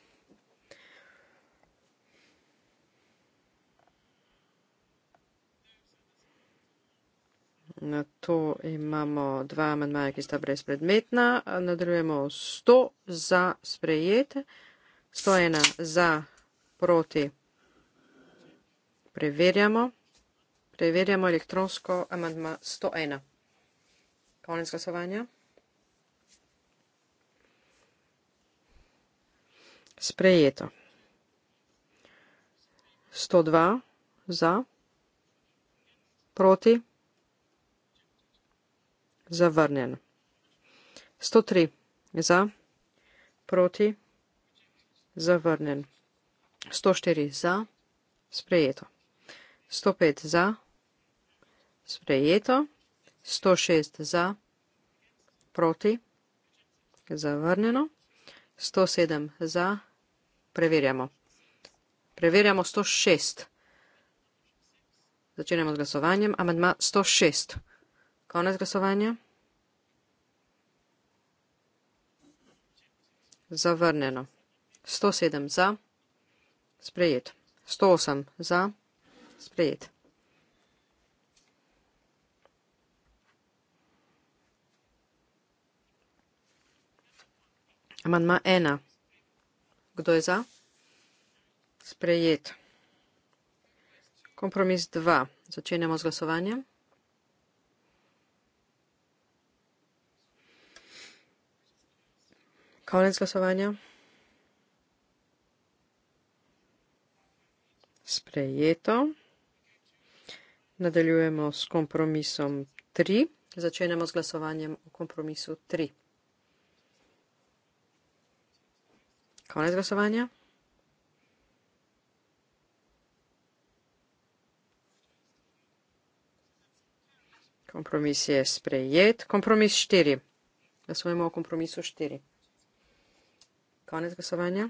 Na to imamo dva amandmaja, ki sta brezpredmetna. Nadaljujemo 100 za sprejete, 101 za proti. Preverjamo. Preverjamo elektronsko amandma 101. Konec glasovanja. Sprejeto. 102 za proti zavrnjen. 103 za, proti, zavrnjen. 104 za, sprejeto. 105 za, sprejeto. 106 za, proti, zavrnjeno. 107 za, preverjamo. Preverjamo 106. Začenjamo z glasovanjem. Amendma 106. 106. Konec glasovanja. Zavrnjeno. 107 za. Sprejet. 108 za. Sprejet. Amandma ena. Kdo je za? Sprejet. Kompromis dva. Začenjamo z glasovanjem. Konec glasovanja. Sprejeto. Nadaljujemo s kompromisom 3. Začenjamo z glasovanjem o kompromisu 3. Konec glasovanja. Kompromis je sprejet. Kompromis 4. Glasujemo o kompromisu 4. Konec glasovanja.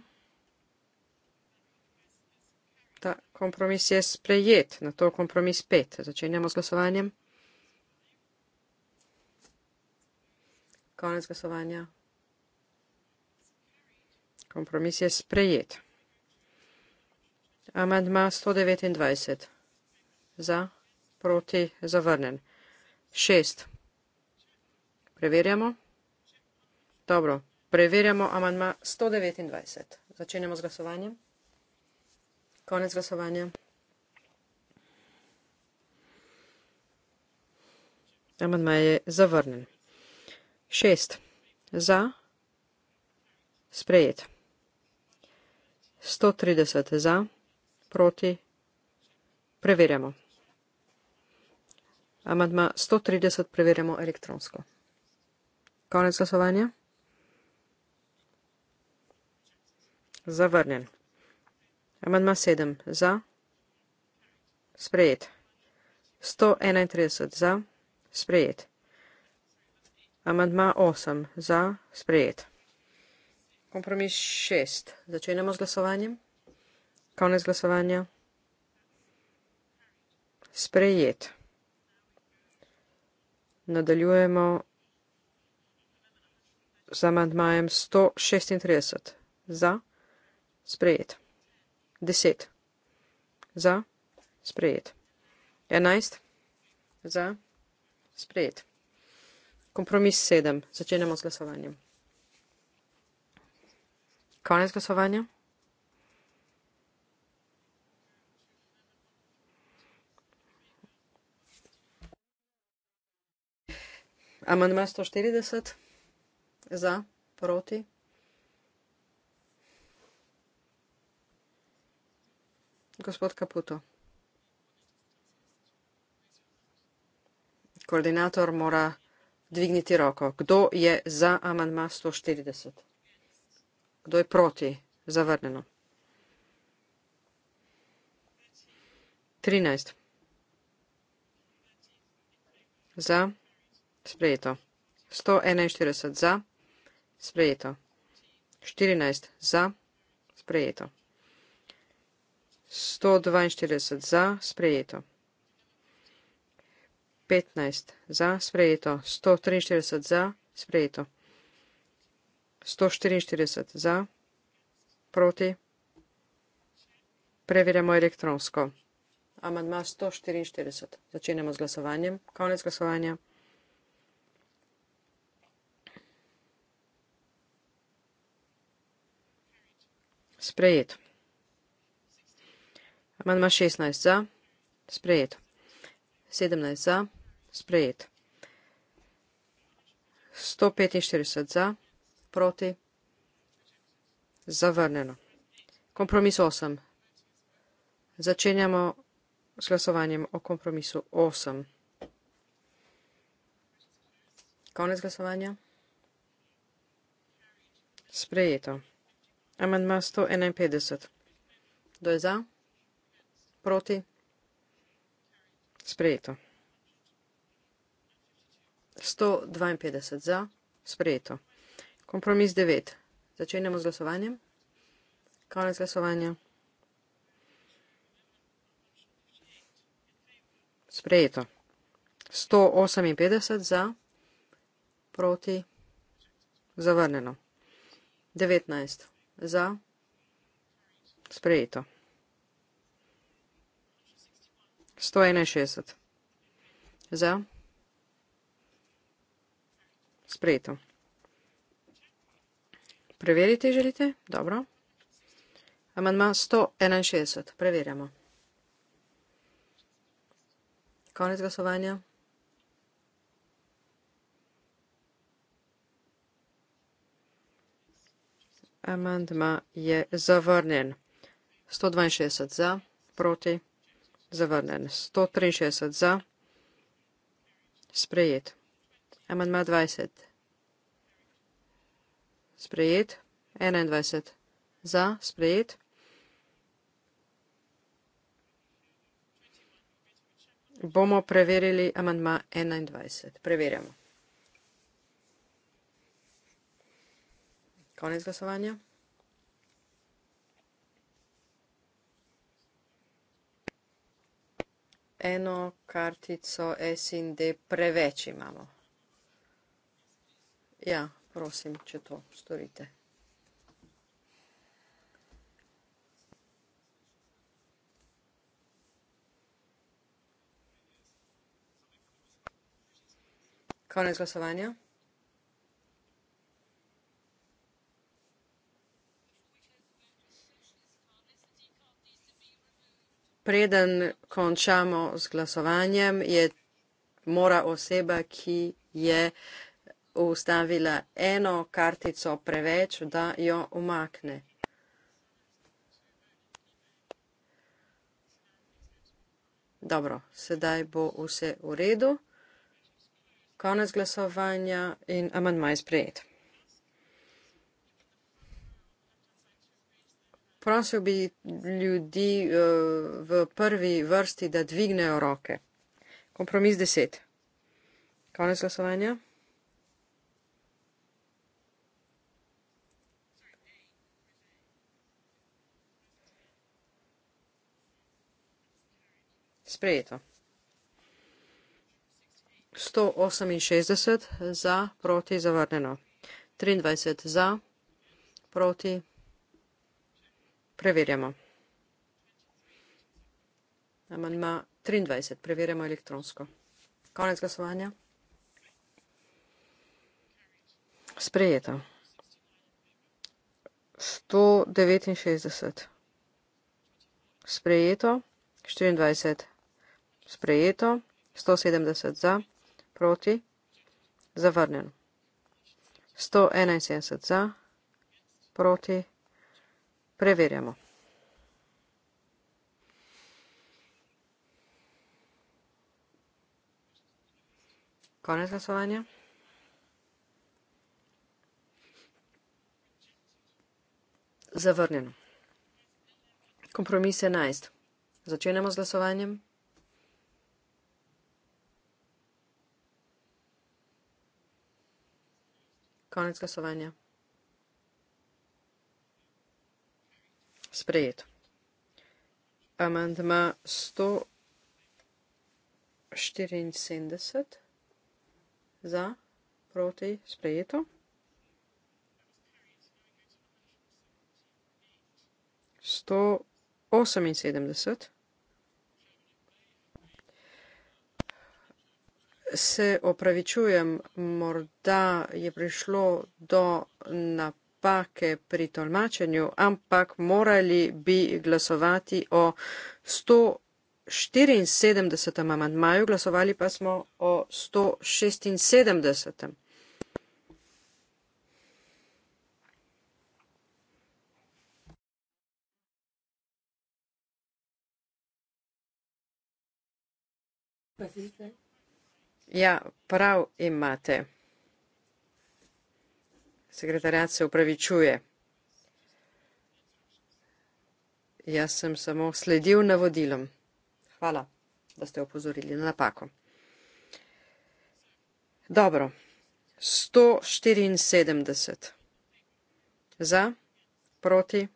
Ta kompromis je sprejet, na to kompromis pet. Začenjamo z glasovanjem. Konec glasovanja. Kompromis je sprejet. Amandma 129. Za, proti, zavrnen. Šest. Preverjamo. Dobro, Preverjamo amantma 129. Začenjamo z glasovanjem. Konec glasovanja. Amantma je zavrnen. Šest. Za. Sprejet. 130 za, proti. Preverjamo. Amadma 130 preverjamo elektronsko. Konec glasovanja. Zavrnjen. Amandma 7 za. Sprejet. 131 za. Sprejet. Amandma 8 za. Sprejet. Kompromis 6. Začenjamo z glasovanjem. Konec glasovanja. Sprejet. Nadaljujemo z amandmajem 136 za sprejet. Deset. Za. Sprejet. Enajst. Za. Sprejet. Kompromis sedem. Začenjamo z glasovanjem. Konec glasovanja. Amandma 140. Za. Proti. gospod Kaputo. Koordinator mora dvigniti roko. Kdo je za amandma 140? Kdo je proti? Zavrnjeno. 13. Za. Sprejeto. 141 za. Sprejeto. 14 za. Sprejeto. 142 za sprejeto. 15 za sprejeto. 143 za sprejeto. 144 za proti. Preverjamo elektronsko. Amandma 144. Začenjamo z glasovanjem. Konec glasovanja. Sprejet. Amandma 16 za, sprejet. 17 za, sprejet. 145 za, proti, zavrnjeno. Kompromis 8. Začenjamo s glasovanjem o kompromisu 8. Konec glasovanja. Sprejeto. Amandma 151. Kdo je za? Proti. Sprejeto. 152 za. Sprejeto. Kompromis 9. Začenjamo z glasovanjem. Konec glasovanja. Sprejeto. 158 za. Proti. Zavrnjeno. 19 za. Sprejeto. 161. Za. Sprejeto. Preverite, želite? Dobro. Amandma 161. Preverjamo. Konec glasovanja. Amandma je zavrnen. 162 za, proti zavrnjen. 163 za, sprejet. Amandma 20, sprejet. 21 za, sprejet. Bomo preverili amandma 21. Preverjamo. Konec glasovanja. eno kartico S in D preveč imamo. Ja, prosim, če to storite. Konec glasovanja. preden končamo z glasovanjem, je mora oseba, ki je ustavila eno kartico preveč, da jo umakne. Dobro, sedaj bo vse v redu. Konec glasovanja in amandmaj sprejet. prosil bi ljudi uh, v prvi vrsti, da dvignejo roke. Kompromis 10. Konec glasovanja. Sprejeto. 168 za, proti, zavrnjeno. 23 za, proti preverjamo amandma triindvajset preverjamo elektronsko konec glasovanja sprejeto sto devetinšestdeset sprejeto štiriindvajset sprejeto sto sedemdeset za proti zavrnjen sto enainsedemdeset za proti preverjamo. Konec glasovanja. Zavrnjeno. Kompromis 11. Začenjamo z glasovanjem. Konec glasovanja. sprejet. Amandma 174 za proti sprejeto. Sto oseminsedemdeset se opravičujem, morda je prišlo do napak napake pri tolmačenju, ampak morali bi glasovati o 174. amandmaju, glasovali pa smo o 176. Ja, prav imate. Sekretarjat se upravičuje. Jaz sem samo sledil navodilom. Hvala, da ste opozorili na napako. Dobro. 174. Za, proti,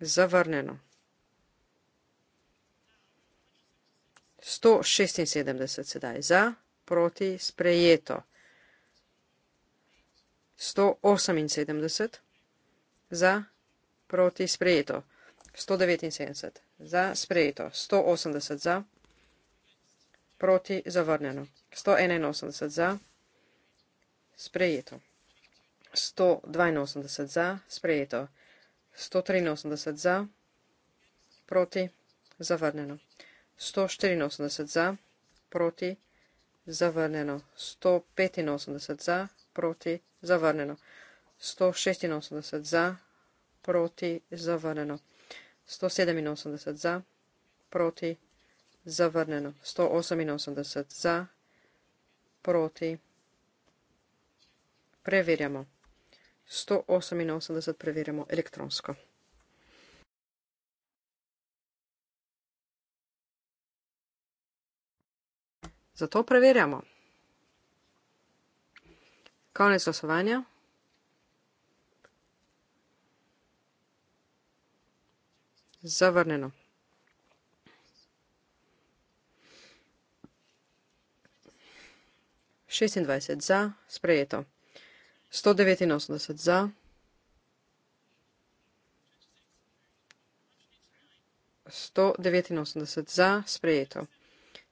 zavrnjeno. 176 sedaj za, proti, sprejeto. 178 za proti sprejeto, 179 za sprejeto, 180 za proti zavrnjeno, 181 za sprejeto, 182 za sprejeto, 183 za proti zavrnjeno, 184 za proti zavrnjeno, 185 za proti zavrnjeno zavrnjeno. 186 za, proti, zavrnjeno. 187 za, proti, zavrnjeno. 188 za, proti. Preverjamo. 188 preverjamo elektronsko. Zato preverjamo. Konec glasovanja. Zavrnjeno. Šestindvajset za, sprejeto. Sto devetinosemdeset za. Sto devetinosemdeset za, sprejeto.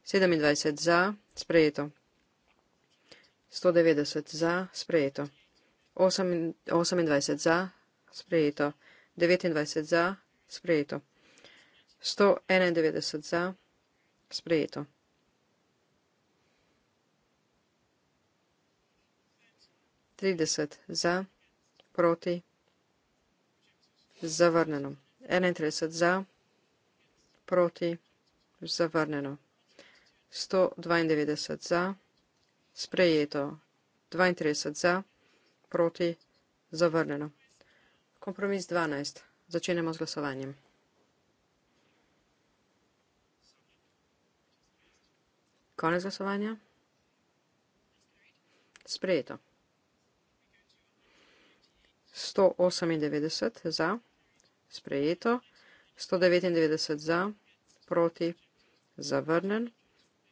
Sedemindvajset za, sprejeto. 190 za, sprejeto. 8, 28 za, sprejeto. 29 za, sprejeto. 191 za, sprejeto. Trideset za, proti, zavrnjeno. Enaintrideset za, proti, zavrnjeno. Sto dvaindevetdeset za sprejeto, 32 za, proti zavrnjeno. Kompromis 12. Začenjamo z glasovanjem. Konec glasovanja. Sprejeto. 198 za, sprejeto. 199 za, proti, zavrnen.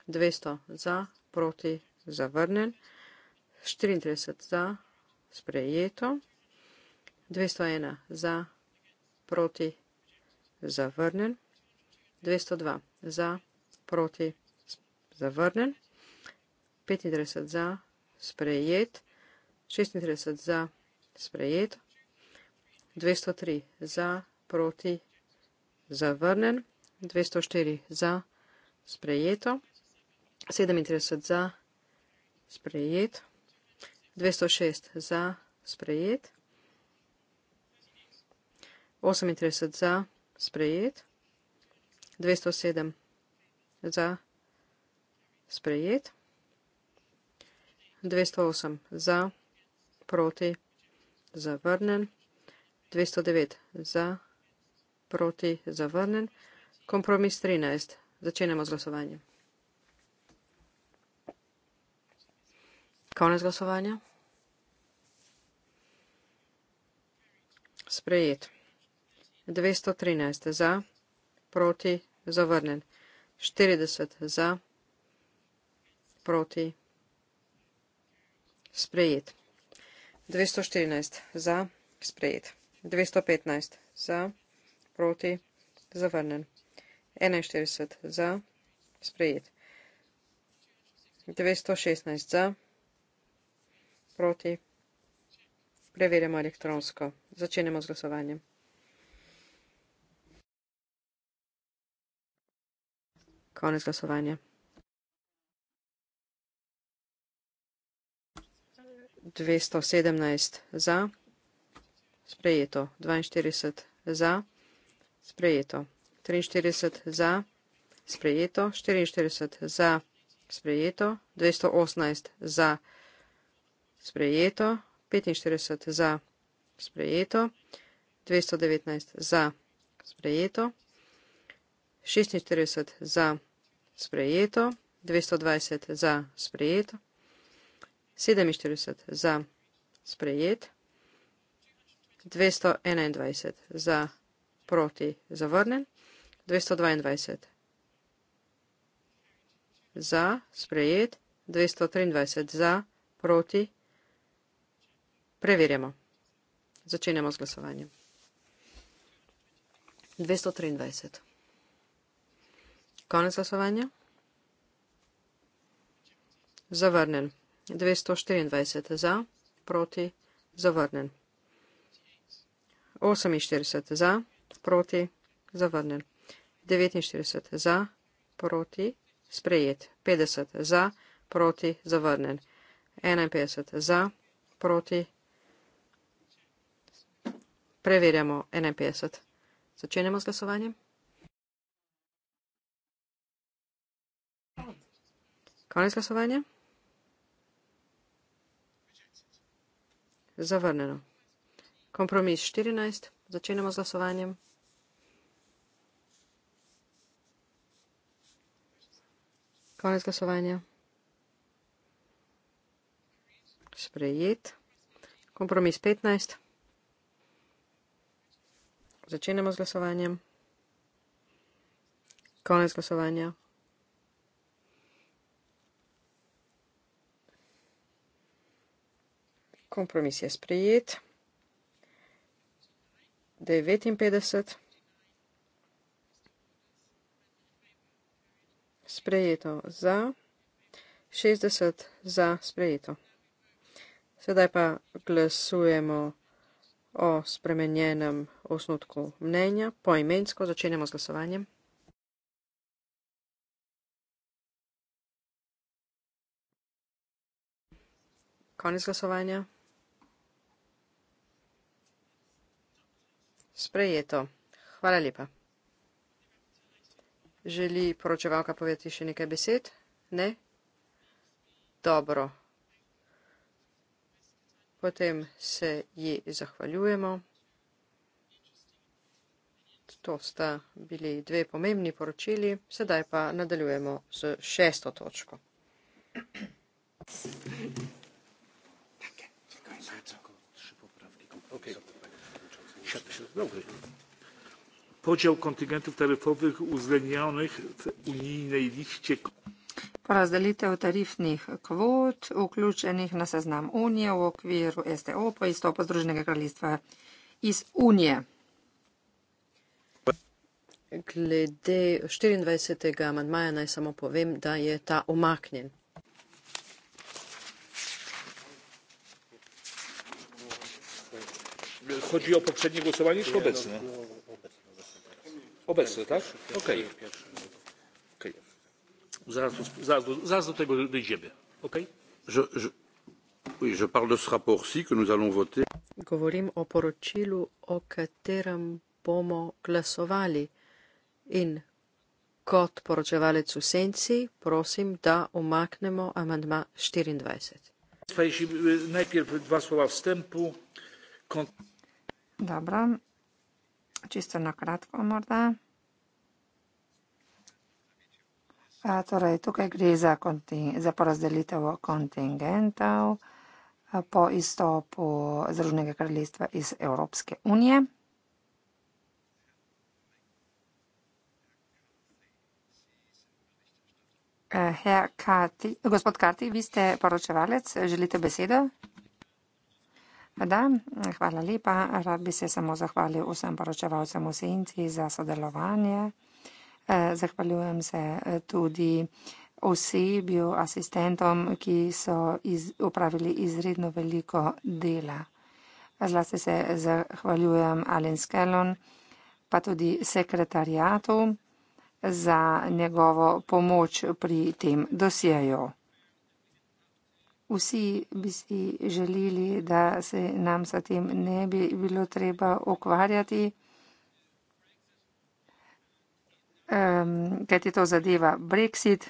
200 za, proti, zavrnjen, 34 za sprejeto, 201 za proti zavrnjen, 202 za proti zavrnjen, 35 za sprejet, 36 za sprejet, 203 za proti zavrnjen, 204 za sprejeto, 37 za sprejeto, sprejet. 206 za sprejet. 38 za sprejet. 207 za sprejet. 208 za proti zavrnen. 209 za proti zavrnen. Kompromis 13. Začenjamo z glasovanjem. Konec glasovanja. Sprejet. 213 za, proti, zavrnen. 40 za, proti, sprejet. 214 za, sprejet. 215 za, proti, zavrnen. 41 za, sprejet. 216 za, proti. Preverjamo elektronsko. Začenjamo z glasovanjem. Konec glasovanja. 217 za, sprejeto. 42 za, sprejeto. 43 za, sprejeto. 44 za, sprejeto. 218 za, sprejeto sprejeto, 45 za sprejeto, 219 za sprejeto, 46 za sprejeto, 220 za sprejeto, 47 za sprejet, 221 za proti zavrnen, 222 za sprejet, 223 za proti zavrnen. Preverjamo. Začenjamo z glasovanjem. 223. Konec glasovanja. Zavrnen. 224 za, proti, zavrnen. 48 za, proti, zavrnen. 49 za, proti, sprejet. 50 za, proti, zavrnen. 51 za, proti, Preverjamo 51. Začenjamo z glasovanjem. Konec glasovanja. Zavrnjeno. Kompromis 14. Začenjamo z glasovanjem. Konec glasovanja. Sprejet. Kompromis 15. Začenjamo z glasovanjem. Konec glasovanja. Kompromis je sprejet. 59. Sprejeto za. 60 za sprejeto. Sedaj pa glasujemo o spremenjenem osnutku mnenja, poimensko začenjamo z glasovanjem. Konec glasovanja. Sprejeto. Hvala lepa. Želi poročevalka povedati še nekaj besed? Ne? Dobro. Potem se ji zahvaljujemo. To sta bili dve pomembni poročili, sedaj pa nadaljujemo s šesto točko. Podział kontyngentów taryfowych uwzględnionych w unijnej liście. Porozdelitev tarifnih kvot, vključenih na seznam Unije v okviru STO po izstopu Združenega kraljestva iz Unije. Glede 24. amantmaja naj samo povem, da je ta omaknjen. Hodi o poprednje glasovanje, še obecne? Obecne, tak? Ok. okay. Zaraz, do, zaraz, do, zaraz do tego dojdziemy. Ok? Je, je... Oui, je parle de ce rapport-ci que nous allons voter. Govorim o poročilu, o katerem bomo glasovali in kot poročevalec v senci, prosim, da umaknemo amandma 24. Pa je še najprej dva slova vstempu. Kont Dobro, čisto na kratko morda. A, torej, tukaj gre za, za porazdelitev kontingentov po izstopu Združenega kraljestva iz Evropske unije. Eh, Kati, gospod Kati, vi ste poročevalec, želite besedo? Da, eh, hvala lepa. Rad bi se samo zahvalil vsem poročevalcem v senci za sodelovanje. Eh, zahvaljujem se tudi osebju, asistentom, ki so iz, upravili izredno veliko dela. Zlasti se zahvaljujem Alen Skelon, pa tudi sekretarijatu za njegovo pomoč pri tem dosjeju. Vsi bi si želeli, da se nam sa tem ne bi bilo treba ukvarjati, um, ehm, kaj ti to zadeva Brexit.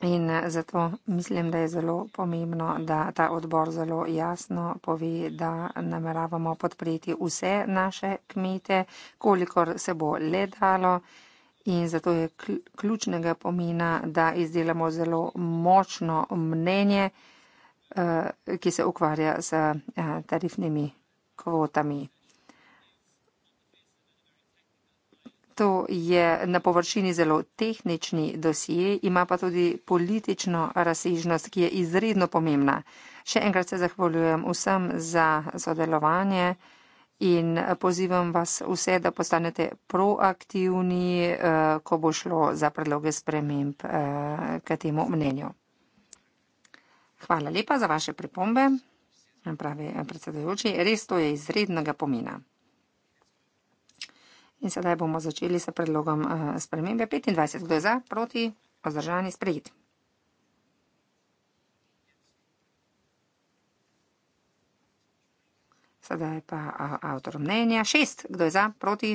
In zato mislim, da je zelo pomembno, da ta odbor zelo jasno pove, da nameravamo podpreti vse naše kmete, kolikor se bo le dalo in zato je ključnega pomena, da izdelamo zelo močno mnenje, eh, ki se ukvarja z eh, tarifnimi kvotami. To je na površini zelo tehnični dosije, ima pa tudi politično razsežnost, ki je izredno pomembna. Še enkrat se zahvaljujem vsem za sodelovanje in eh, pozivam vas vse, da postanete proaktivni, eh, ko bo šlo za predloge sprememb eh, k temu mnenju. Hvala lepa za vaše pripombe, pravi predsedujoči. Res to je izrednega pomena. In sedaj bomo začeli s predlogom spremembe 25. Kdo je za? Proti? Ozdržani? Sprejeti. Sedaj pa avtor mnenja. Šest, kdo je za, proti?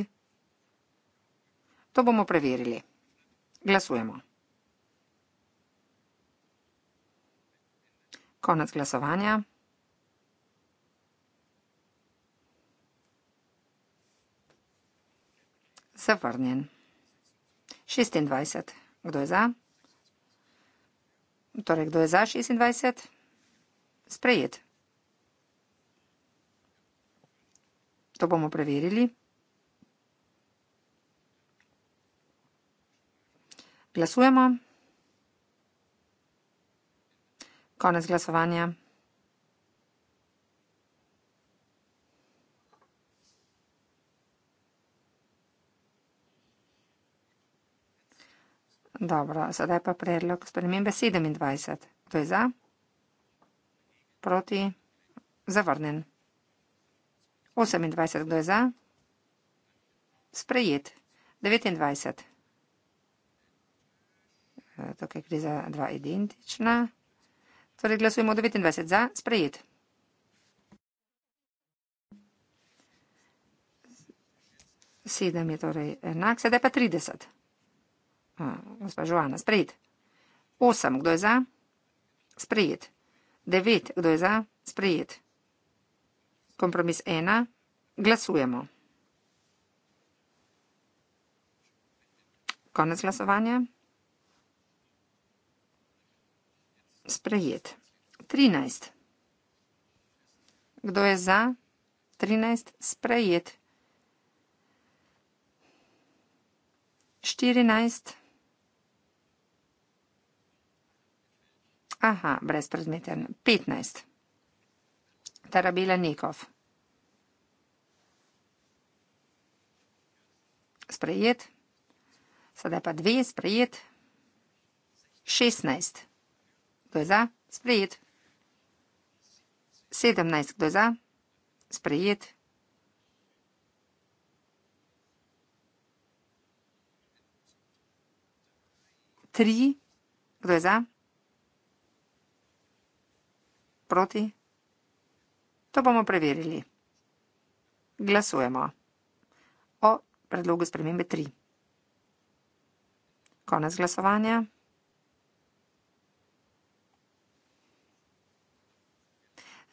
To bomo preverili. Glasujemo. Konec glasovanja. Zavrnjen. 26. Kdo je za? Torej, kdo je za 26? Sprejet. To bomo preverili. Glasujemo. Konec glasovanja. Dobro, sedaj pa predlog spremembe 27. To je za, proti, zavrnen. 28, kdo je za? Sprejet. 29. E, tukaj gre za dva identična. Torej glasujemo 29 za, sprejet. Sedem je torej enak, sedaj pa 30. Gospa Žuana, sprejet. Osem, kdo je za? Sprejet. Devet, kdo je za? Sprejet kompromis ena, glasujemo. Konec glasovanja. Sprejet. 13. Kdo je za? 13. Sprejet. 14. Aha, brezpredmeten. 15. 15. Tarabella Nekov. Sprejet. Sedaj pa dve, sprejet. 16. Kdo je za? Sprejet. 17. Kdo je za? Sprejet. 3. Kdo je za? Proti. To bomo preverili. Glasujemo o predlogu spremembe 3. Konec glasovanja.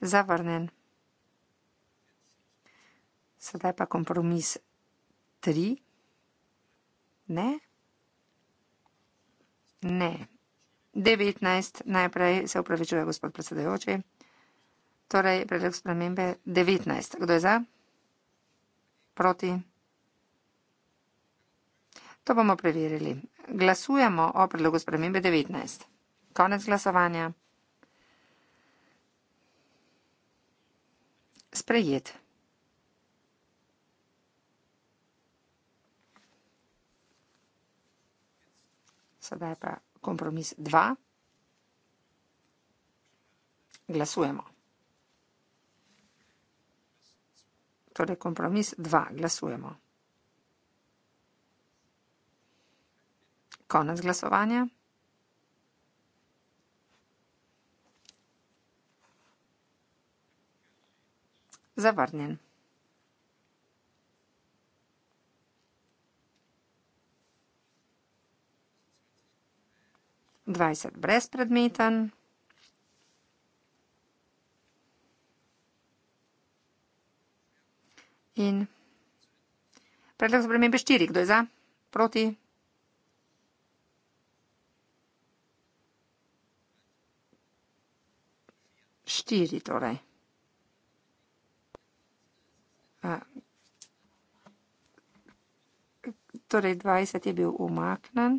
Zavrnen. Sedaj pa kompromis 3. Ne. Ne. 19 najprej se upravičuje gospod predsedujoči. Torej, predlog spremembe 19. Kdo je za? Proti? To bomo preverili. Glasujemo o predlogu spremembe 19. Konec glasovanja. Sprejet. Sedaj pa kompromis 2. Glasujemo. torej kompromis 2, glasujemo. Konec glasovanja. Zavrnjen. Dvajset brezpredmeten. In predlog spremembe štiri, kdo je za, proti? Štiri torej. Torej, 20 je bil umaknen.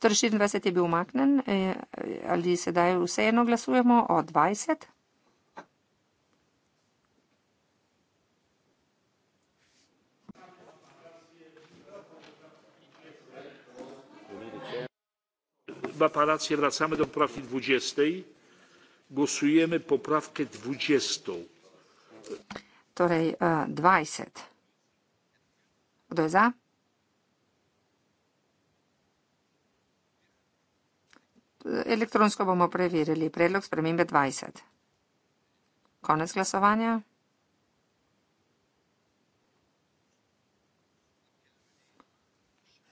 Torej, 24 je bil umaknen. E, ali sedaj vseeno glasujemo o 20? ma pan rację wracamy do poprawki dwudziestej głosujemy poprawkę dwudziestą torej e, dwajset kto jest za elektronsko bomo preverili predlog spremembe dvajset konec glasovanja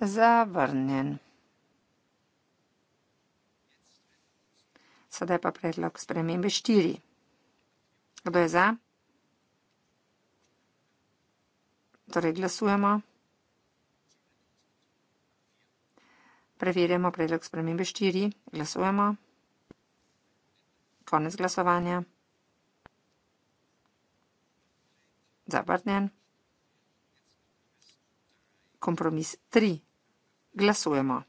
zavrnjen Sedaj pa predlog spremembe štiri. Kdo je za? Torej glasujemo. Preverjamo predlog spremembe štiri. Glasujemo. Konec glasovanja. Zavrnjen. Kompromis tri. Glasujemo.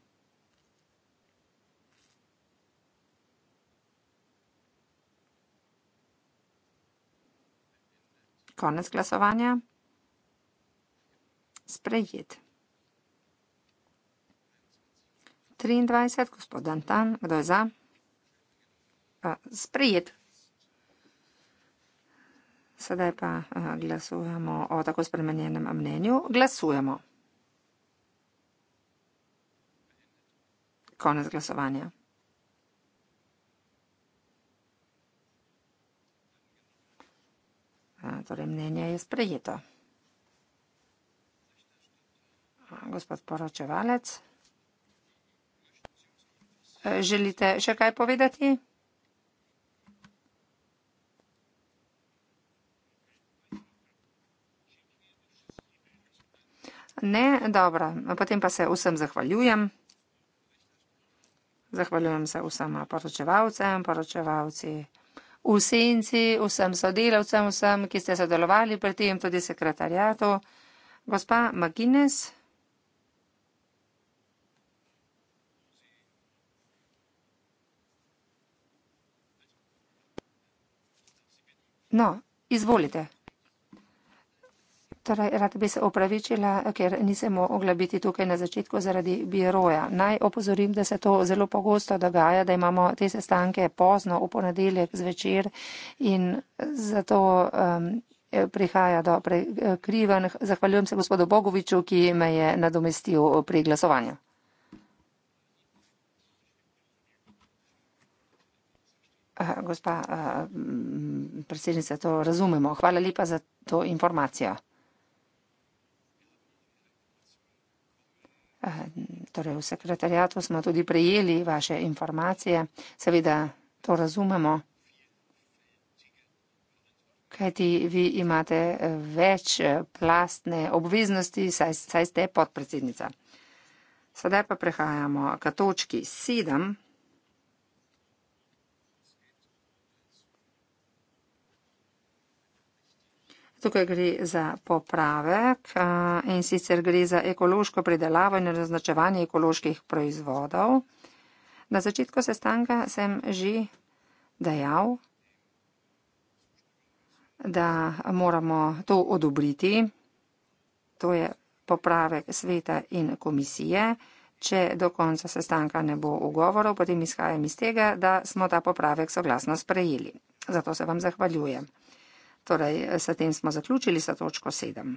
Konec glasovanja. Sprejet. 23, gospod Antan, kdo je za? Sprejet. Sedaj pa eh, glasujemo o tako spremenjenem mnenju. Glasujemo. Konec glasovanja. Torej, mnenje je sprejeto. Gospod poročevalec, želite še kaj povedati? Ne, dobro, potem pa se vsem zahvaljujem. Zahvaljujem se vsem poročevalcem, poročevalci v senci vsem sodelavcem, vsem, ki ste sodelovali pri tem, tudi sekretarjatu. Gospa Maginez. No, izvolite. Torej, rad bi se opravičila, ker nisem mogla biti tukaj na začetku zaradi biroja. Naj opozorim, da se to zelo pogosto dogaja, da imamo te sestanke pozno, v ponedeljek zvečer in zato um, prihaja do prekrivanj. Zahvaljujem se gospodu Bogoviču, ki me je nadomestil pri glasovanju. Ah, gospa ah, predsednica, to razumemo. Hvala lepa za to informacijo. Eh, torej v sekretarijatu smo tudi prejeli vaše informacije. Seveda to razumemo, kajti vi imate eh, več eh, plastne obveznosti, saj, saj ste podpredsednica. Sedaj pa prehajamo k točki sedem. Tukaj gre za popravek in sicer gre za ekološko pridelavo in raznačevanje ekoloških proizvodov. Na začetku sestanka sem že dejal, da moramo to odobriti. To je popravek sveta in komisije. Če do konca sestanka ne bo ugovorov, potem izhajam iz tega, da smo ta popravek soglasno sprejeli. Zato se vam zahvaljujem. Torej, s tem smo zaključili sa točko sedem.